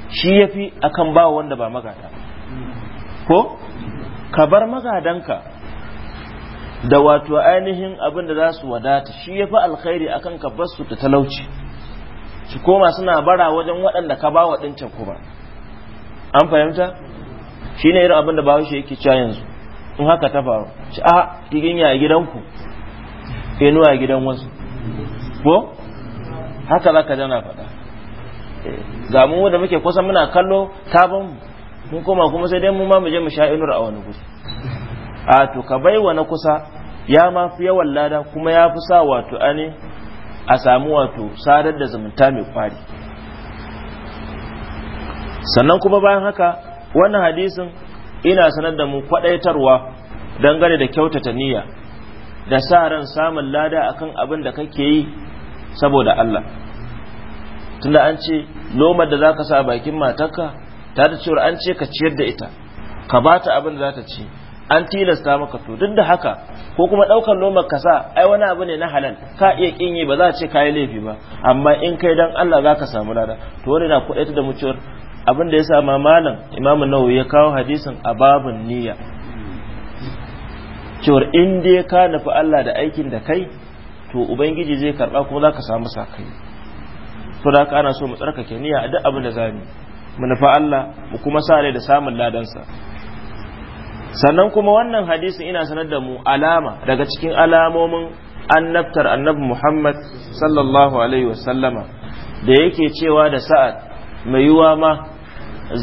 shi ya yafi akan ba wanda ba magada ko ka bar magadanka da wato ainihin abin da za su wadata shi ya fi alkhairi a ka bar su ta talauci su koma suna bara wajen waɗanda ka ba wa ɗincan kuma an fahimta shi ne irin abin da bahaushe yake cewa yanzu in haka ta faru ci a giginya a gidanku eh, inuwa a gidan wasu ko haka za ka jana faɗa eh, ga mu da muke kusa muna kallo sabon. mun koma kuma sai dai mu ma mu je mu sha inuwar a wani gudu a to ka bai wa na kusa ya ma fi yawan lada kuma ya fi sa wato ane a samu wato sadar da zumunta mai kwari sannan kuma bayan haka wannan hadisin ina sanar da mu kwadaitarwa dangane da kyautata niyya da sa ran samun lada akan abin da kake yi saboda Allah tunda an ce lomar da zaka sa bakin matarka ta da cewa an ce ka ciyar da ita ka bata abin da za ta ci an tilasta maka to duk da haka ko kuma ɗaukar lomar kasa ai wani abu ne na halal ka iya kin yi ba za a ce kayi laifi ba amma in kai dan Allah za ka samu lada to wani na kuɗaita da mutuwar abin da ya sa malam imamu nawawi ya kawo hadisin a babun niyya cewar in dai ka nufi Allah da aikin da kai to ubangiji zai karba kuma za ka samu sakai to da ka ana so mu tsarkake niyya a duk abin da zamu mu nufi Allah mu kuma sa da samun ladansa sannan kuma wannan hadisin ina sanar da mu alama daga cikin alamomin annabtar annabi Muhammad sallallahu alaihi wasallama da yake cewa da sa'ad mai yiwa ma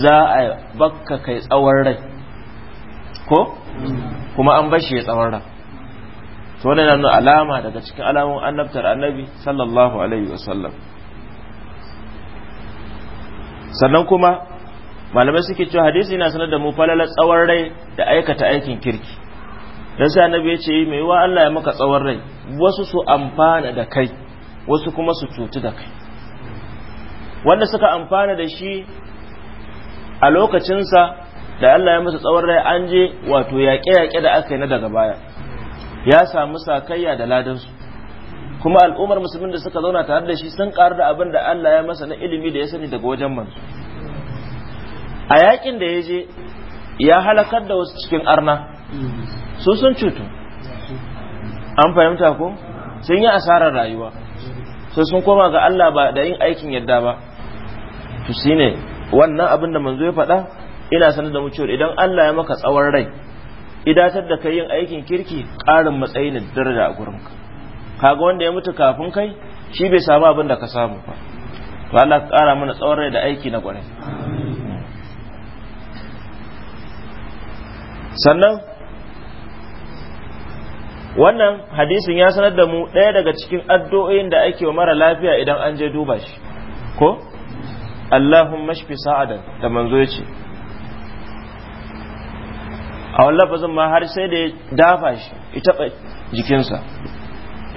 za a bakka kai tsawon rai ko kuma an bashi ya tsawon rai to wannan nan alama daga cikin alamomin annabtar annabi sallallahu alaihi wasallam sannan kuma malamai suke cewa hadisi yana sanar da mu falalar tsawon rai da aikata aikin kirki dan sai annabi ya ce mai wa Allah ya maka tsawon rai wasu su amfana da kai wasu kuma su cutu da kai wanda suka amfana da shi a lokacinsa da Allah ya masa tsawon rai an je wato yaƙe-yaƙe da aka yi na daga baya ya samu sakayya da ladansu kuma al'ummar musulmin da suka zauna tare da shi sun ƙaru da abin da Allah ya masa na ilimi da ya sani daga wajen manzo a yakin da ya je ya halakar da wasu cikin arna su sun cutu an fahimta ko sun yi asarar rayuwa su sun koma ga Allah ba da yin aikin yadda ba to ne wannan abin da manzo ya faɗa ina sanar da mu cewa idan Allah ya maka tsawon rai idatar da kai yin aikin kirki ƙarin matsayi ne daraja a ka kaga wanda ya mutu kafin kai shi bai samu abin da ka samu ba to ka ƙara mana tsawon rai da aiki na gwarai sannan wannan hadisin ya sanar da mu ɗaya daga cikin addu'o'in da ake wa mara lafiya idan an je duba shi ko Allahumma shfi sa'adan da manzo ya ce a wallafa ma har sai da ya dafa shi ya taɓa jikinsa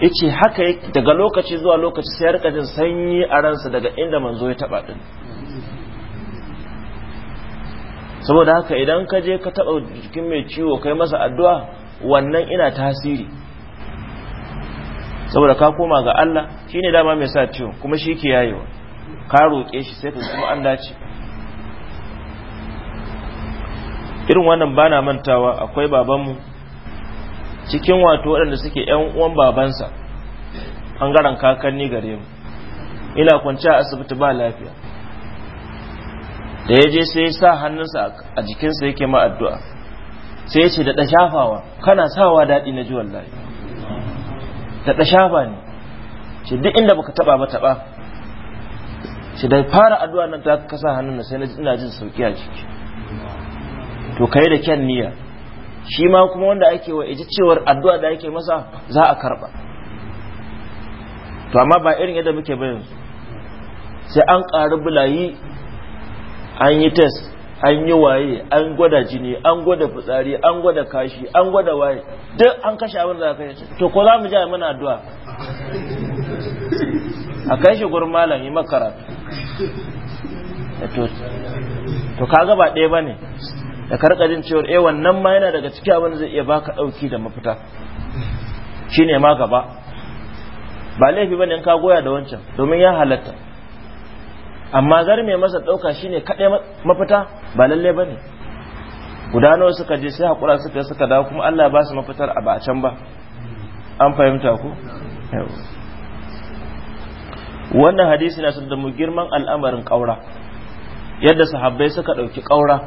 ya ce haka daga lokaci zuwa lokaci sai ya jin sanyi a ransa daga inda manzo ya taɓa ɗin saboda haka idan ka je ka taɓa jikin mai ciwo kai masa addu'a wannan ina tasiri saboda ka koma ga Allah shi ne dama mai sa ciwo kuma shi ke yayewa ka roƙe shi sai ka kuma an dace irin wannan ba na mantawa akwai babanmu cikin wato waɗanda suke ‘yan uwan babansa ɓangaren kakanni gare mu ina kwanci a asibiti ba lafiya da ya je sai ya sa hannunsa a jikinsa yake ma addu'a sai ya ce da shafawa kana sawa daɗi na ji wallahi da shafa ne ce duk inda baka taba ba taba ce da fara addu'a nan ta ka sa hannun sai na ina jin sauki a jiki to kai da kyan niyya shi ma kuma wanda ake wa ji cewar addu'a da ake masa za a karba to amma ba irin yadda muke bayan sai an ƙari bulayi an yi test an yi waye an gwada jini an gwada fitsari an gwada kashi an gwada waye duk an kashe abin da aka to ko za mu ji mana addu'a a kai shi gurin malam yi makaratu eh, to kaga ba ɗaya bane da karka jin cewa eh wannan ma yana daga cikin abin da zai iya baka dauki da mafita shine ma gaba ba laifi bane in ka goya da wancan domin ya halatta amma mai masa ɗauka shine kaɗai mafita ba lalle ba ne guda nawa suka je sai haƙura suka suka dawo kuma Allah ba su mafitar a ba can ba an fahimta ku wannan hadisi na da mu girman al'amarin ƙaura yadda sahabbai suka ɗauki ƙaura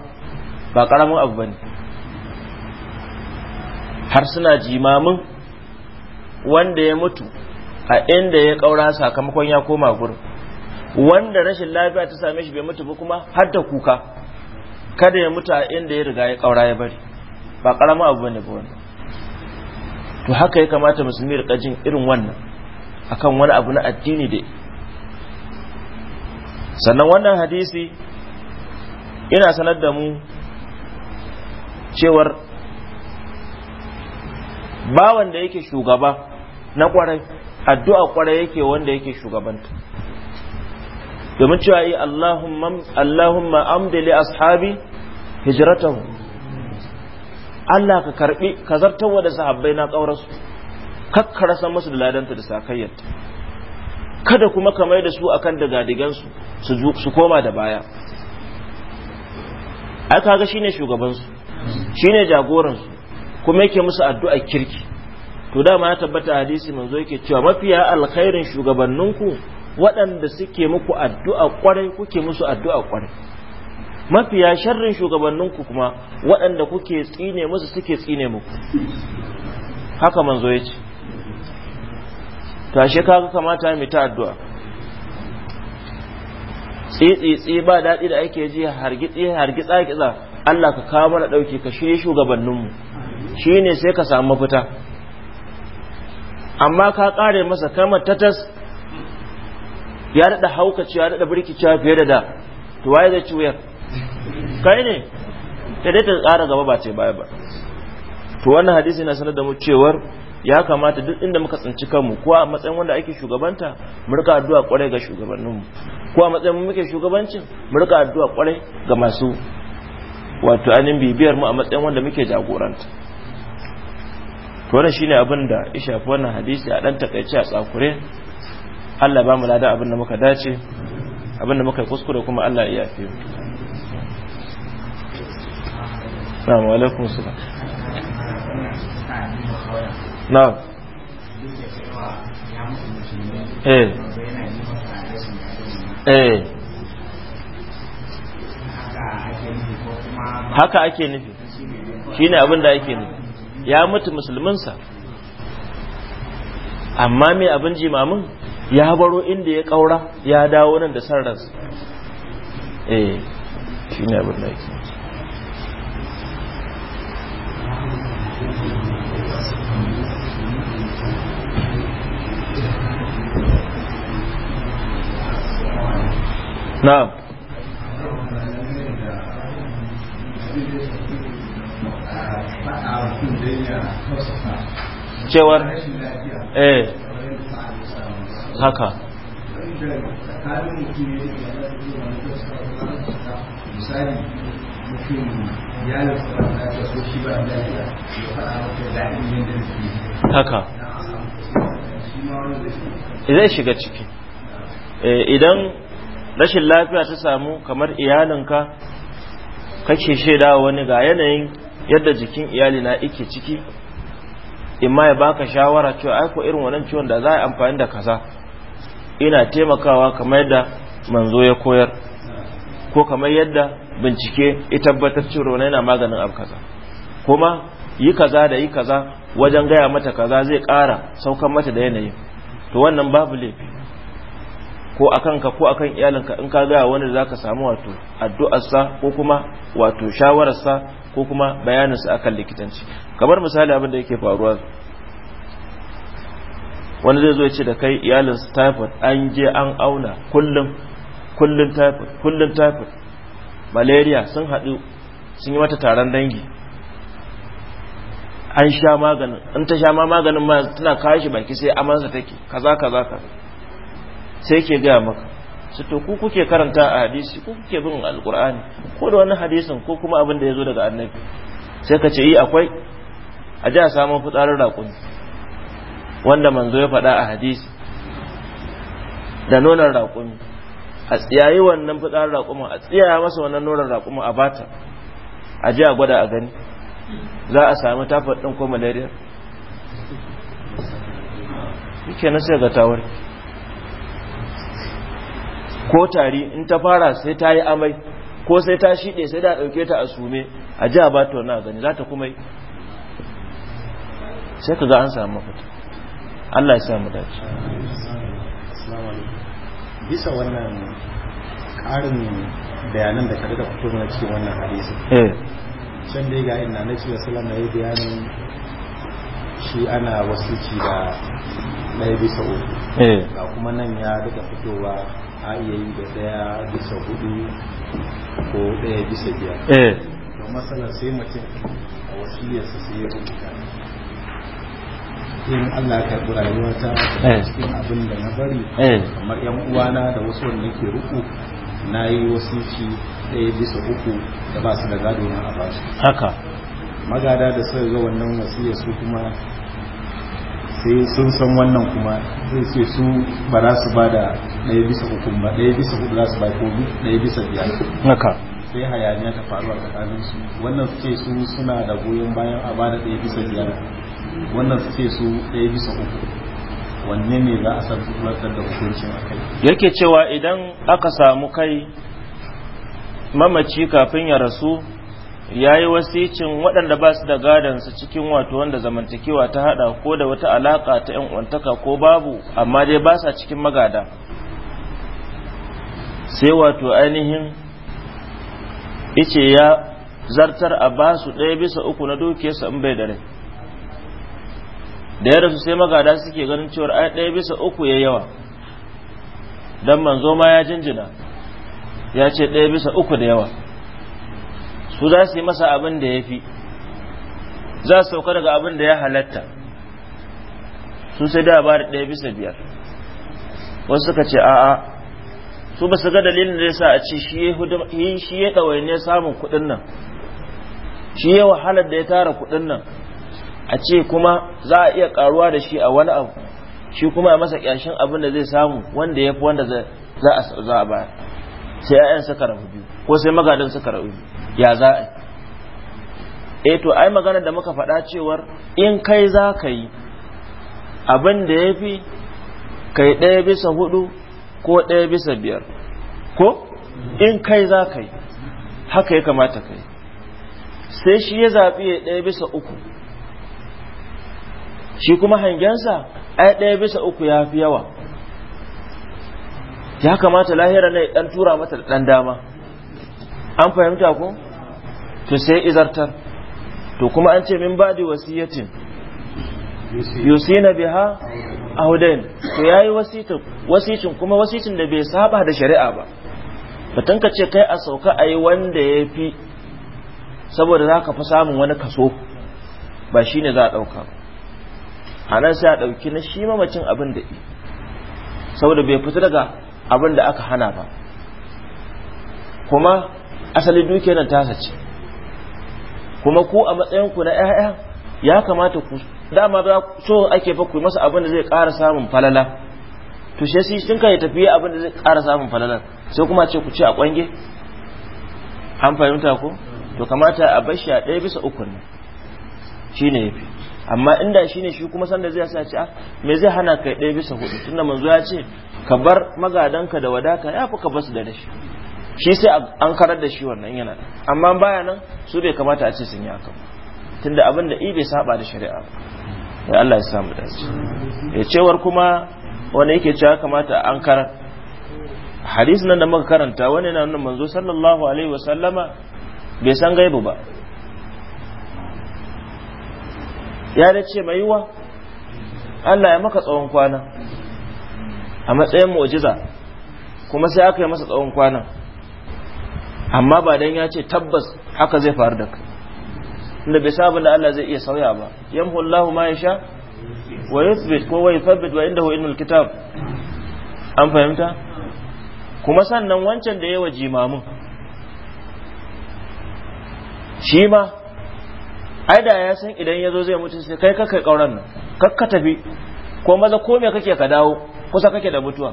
ba ƙaramin abu bane har suna jimamin wanda ya mutu a inda ya ƙaura sakamakon ya koma gurin wanda rashin lafiya ta same shi bai mutu ba kuma har da kuka kada ya mutu a inda ya riga ya kaura ya bari ba karama abu bane ba wannan to haka ya kamata musulmi rika jin irin wannan akan wani abu na addini da sannan wannan hadisi ina sanar da mu cewar bawan da yake shugaba na kwarai addu'a kwarai yake wanda yake shugabanta domin cewa yi eh, Allahumma amda li ashabi mu. Allah ka karbi ka zartawa da sahabbai na kaurasu kakkara san musu da ladanta da sakayyarta kada kuma ka mai da su akan da gadigansu su koma da baya ai kaga shine ne shugabansu. shine ne jagoransu. kuma yake musu addu'a kirki to dama ya tabbata hadisi manzo yake cewa mafiya alkhairin shugabanninku waɗanda suke muku addu'a ƙwarai kuke musu addu'a ƙwarai mafiya sharrin shugabanninku kuma waɗanda kuke tsine musu suke tsine muku haka manzo ya ce tashe kaga kamata mai ta addu'a tsitsitsi ba daɗi da ake ji hargitsi hargitsa Allah ka kawo mana ɗauki ka shirye shugabanninmu shi ne sai ka samu mafita amma ka ƙare masa kamar tatas ya daɗa haukacewa ya daɗa birkicewa fiye da da to waye zai ci wuyar kai ne ta dai ta tsara gaba ba ce baya ba to wannan hadisi na sanar da mu cewar ya kamata duk inda muka tsinci kanmu ko a matsayin wanda ake shugabanta mu rika addu'a kwarai ga shugabanninmu ko a matsayin mu muke shugabancin mu rika addu'a kwarai ga masu wato anin bibiyar mu a matsayin wanda muke jagoranta to wannan shine abin da ya shafi wannan hadisi a dan takaice a tsakure Allah ba mu lada abin da muka dace abin da muka kuskure kuma Allah ya yafe mu Assalamu alaikum salam Na Eh Eh haka ake nufi shine abin da ake nufi ya mutu musulminsa amma me abin jimamin ya baro inda ya kaura ya dawo nan da san ransa eh shi ne abin da yake na cewar eh haka haka idan shiga ciki eh, idan rashin lafiya ta samu kamar iyalinka kake shaida wani ga yanayin yadda jikin iyali na ike ciki imma ya baka shawara cewa aiko irin wannan ciwon da za a yi amfani da kaza ina taimakawa kamar yadda manzo ya koyar ko kamar yadda bincike ya tabbatar cewa wani yana maganin abu kaza kuma yi kaza da yi kaza wajen gaya mata kaza zai ƙara saukan mata da yanayi to wannan babu laifi ko a ka ko a iyalinka in ka gaya wanda za ka samu wato addu'arsa ko kuma wato shawararsa ko kuma bayaninsa akan likitanci kamar misali abin da yake faruwa wani zai zo ya ce da kai iyalinsa typhoid an je an auna kullum kullum typhoid kullum typhoid malaria sun haɗu sun yi mata taron dangi an sha maganin in ta sha ma maganin ma tana kawo shi baki sai amansa take kaza kaza ka sai ke gaya maka su to ku kuke karanta a hadisi ku kuke bin alkur'ani ko da wani hadisin ko kuma abin da ya zo daga annabi sai ka ce yi eh, akwai a ji a samun fitsarin raƙumi wanda manzo ya faɗa a hadisi da nonon raƙumi a tsiyayi wannan fitsarin raƙumi a tsiyaya masa wannan nonon raƙumi a bata a ji a gwada a gani za a sami tafat ɗin ko malaria yake na sai ga tawar ko tari in ta fara sai ta yi amai ko sai ta shiɗe sai da ɗauke ta a sume a ji a bata wani a gani za ta kuma yi sai ka ga an samu mafita Allah ya samu dace bisa wannan ƙarin bayanan da ka daga fito na cikin wannan hadisi eh. can dai ga ina na cikin salama ya bayanin shi ana wasu ci da yi bisa uku eh. ga kuma nan ya daga fitowa a iya yi da daya bisa hudu ko daya bisa biyar eh. to matsalar sai mutum a yasa sai ya rubuta in Allah ya karɓi rayuwata eh. cikin abin da na bari eh. kamar yan uwana da wasu wanda ke ruku na yi wasiki ɗaya bisa uku da ba su da gado na a basu haka magada da suka ga wannan wasiya su kuma sai sun san wannan kuma zai ce su ba za su ba da ɗaya bisa hukun ba ɗaya bisa hudu za su ba ko ɗaya bisa biyar haka sai hayaniya ta faru a tsakanin su wannan su ce su suna da goyon bayan a ba da ɗaya bisa biyar wannan suke su ɗaya bisa uku wanne ne za a san da hukuncin a kai yake cewa idan aka samu kai mamaci kafin ya rasu ya yi wasicin waɗanda ba su da gadon su cikin wato wanda zamantakewa ta haɗa ko da wata alaƙa ta ‘yan uwantaka ko babu amma dai ba sa cikin magada sai wato ainihin ice ya zartar a basu ɗaya bisa uku na dukiyarsa in bai da rai da ya rasu sai magada suke ganin cewar ai ɗaya bisa uku ya yawa don manzo ma ya jinjina ya ce ɗaya bisa uku da yawa su za su yi masa abin da ya fi za su sauka daga abin da ya halatta su sai da ba da ɗaya bisa biyar wasu suka ce a'a su ba su ga dalilin da ya sa a ce shi ya ne samun kuɗin nan shi ya wahalar da ya tara kuɗin nan a ce kuma za a iya karuwa da shi a wani abu shi kuma ya masa kyashin abin da zai samu wanda ya fi wanda za a bayar sai 'ya'yan suka rabu biyu ko sai magadan suka rabu biyu ya za a e to ai magana da muka faɗa cewar in kai za ka yi abin da ya fi kai ɗaya bisa hudu ko ɗaya bisa biyar ko in kai za ka yi haka ya kamata ka yi sai shi ya zaɓi ya ɗaya bisa uku shi kuma hangensa ai ɗaya bisa uku ya fi yawa ya kamata lahira ne ɗan tura mata da ɗan dama an fahimta ku? to sai izartar to kuma an ce min ba da wasiyatin yusina biha ahudain to ya yi wasicin kuma wasicin da bai saba da shari'a ba batun ka ce kai a sauka a yi wanda ya fi saboda za ka fi samun wani kaso ba shi ne za a ɗauka ba anan sai a ɗauki na shi mamacin abin da saboda bai fita daga abin da aka hana ba kuma asali duke nan tasa ce kuma ku a matsayinku na 'ya'ya ya kamata ku dama za so ake fa ku masa abin da zai ƙara samun falala to shi sai sun kai tafiya abin da zai ƙara samun falala sai kuma ce ku ce a kwange an fahimta ko to kamata a bashi a ɗaya bisa uku ne shine yafi amma inda shine shi kuma sanda zai sa ce a ah, me zai hana kai ɗaya bisa hudu tunda manzo ya ce ka bar magadanka da wadaka ya fi ka basu da dashi shi sai an karar da shi wannan yana amma baya nan su bai kamata a ce sun yi haka tunda abin da i bai saba da shari'a ya Allah ya samu dace ya cewar kuma wanda yake cewa kamata an karar hadis nan da muka karanta wani na nuna manzo sallallahu alaihi wasallama bai san gaibu ba ya da ce mai yiwa Allah ya maka tsawon kwana a matsayin mu'jiza kuma sai aka yi masa tsawon kwana amma ba dan ya ce tabbas haka zai faru da kai inda bai sabon da Allah zai iya sauya ba yamhu Allahu ma yasha wa yuthbit ko wa yuthabbit wa indahu ilmul kitab an fahimta kuma sannan wancan da yawa jimamin shi ma ai da ya san idan ya zo zai mutu sai kai kakai kauran nan kakka tafi ko maza ko me kake ka dawo kusa kake da mutuwa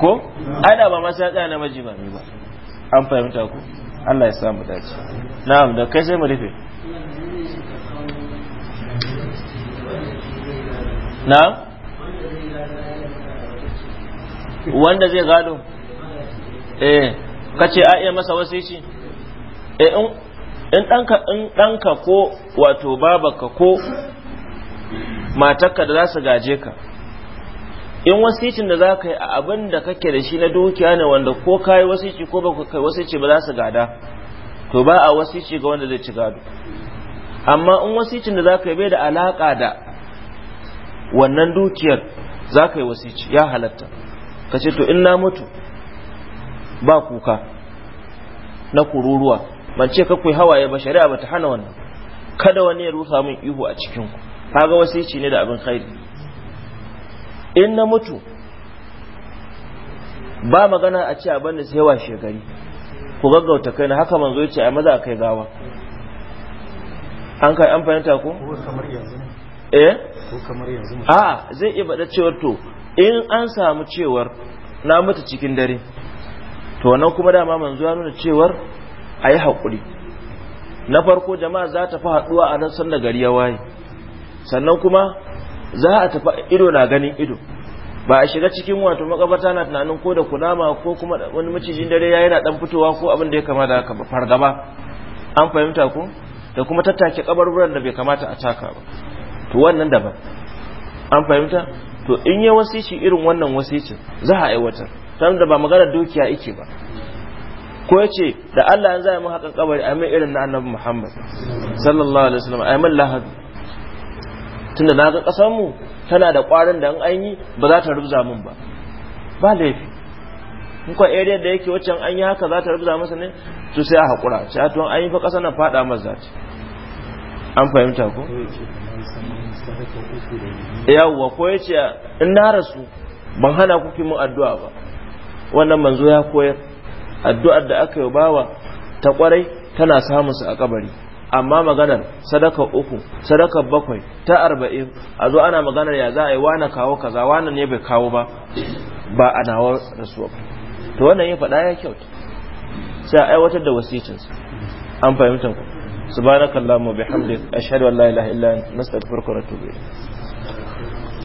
ko ai da ba ma sai tsaya na miji ba ne ba an fahimta ku Allah ya sa mu dace na'am da kai sai mu rufe na'am wanda zai gado eh kace a iya masa wasici eh in ɗanka in ɗanka ko wato babaka ko matarka da za su gaje ka in wasicin da za ka yi a abin da kake da shi na dukiya ne wanda ko ka yi wasici ko ba ka yi wasici ba za su gada to ba a wasici ga wanda zai ci gado amma in wasicin da za ka yi bai da alaƙa da wannan dukiyar za ka yi wasici ya halatta ka ce to in na mutu ba kuka na kururuwa ban ce kakwai hawaye ba shari'a ba ta hana wannan kada wani ya rusa min ihu a cikin ku kaga ci ne da abin khairi in na mutu ba magana a ce abin da sai washe gari ku gaggauta kai na haka manzo ya ce a maza a kai gawa an kai an fahimta ko eh a zai iya bada cewar to in an samu cewar na mutu cikin dare to wannan kuma dama manzo ya nuna cewar a yi haƙuri na farko jama'a za ta fi haɗuwa a nan sanda gari ya waye sannan kuma za a tafi ido na ganin ido ba a shiga cikin wato makabarta na tunanin ko da kunama ko kuma wani macijin dare ya yana ɗan fitowa ko abin da ya kama da fargaba an fahimta ku? da kuma tattake kabarburan da bai kamata a taka ba to wannan daban an fahimta to in yi wasici irin wannan wasicin za a aiwatar tare da ba maganar dukiya ike ba ko yace da Allah ya zai mu hakan kabari a mai irin na annabi Muhammad sallallahu alaihi wasallam ai man lahad tunda na ga kasan mu tana da kwarin da an yi ba za ta rubza mun ba ba laifi in kwa area da yake wacce an yi haka za ta rubuta masa ne to sai a hakura sai a tuwon an yi fa kasan nan fada masa zaci an fahimta ko yawwa ko yace in na rasu ban hana kuki mun addu'a ba wannan manzo ya koyar addu'ar da aka yi bawa ta kwarai tana samun su a kabari amma maganar sadaka uku sadaka bakwai ta arba'in a zo ana maganar ya za a yi wane kawo kaza wane ne bai kawo ba ba a nawa rasuwa to wannan ya faɗa ya kyauta sai a aiwatar da wasicinsa an fahimtar ku subhanakallahumma bihamdik ashhadu an la ilaha illa anta nastaghfiruka wa atubu ilayk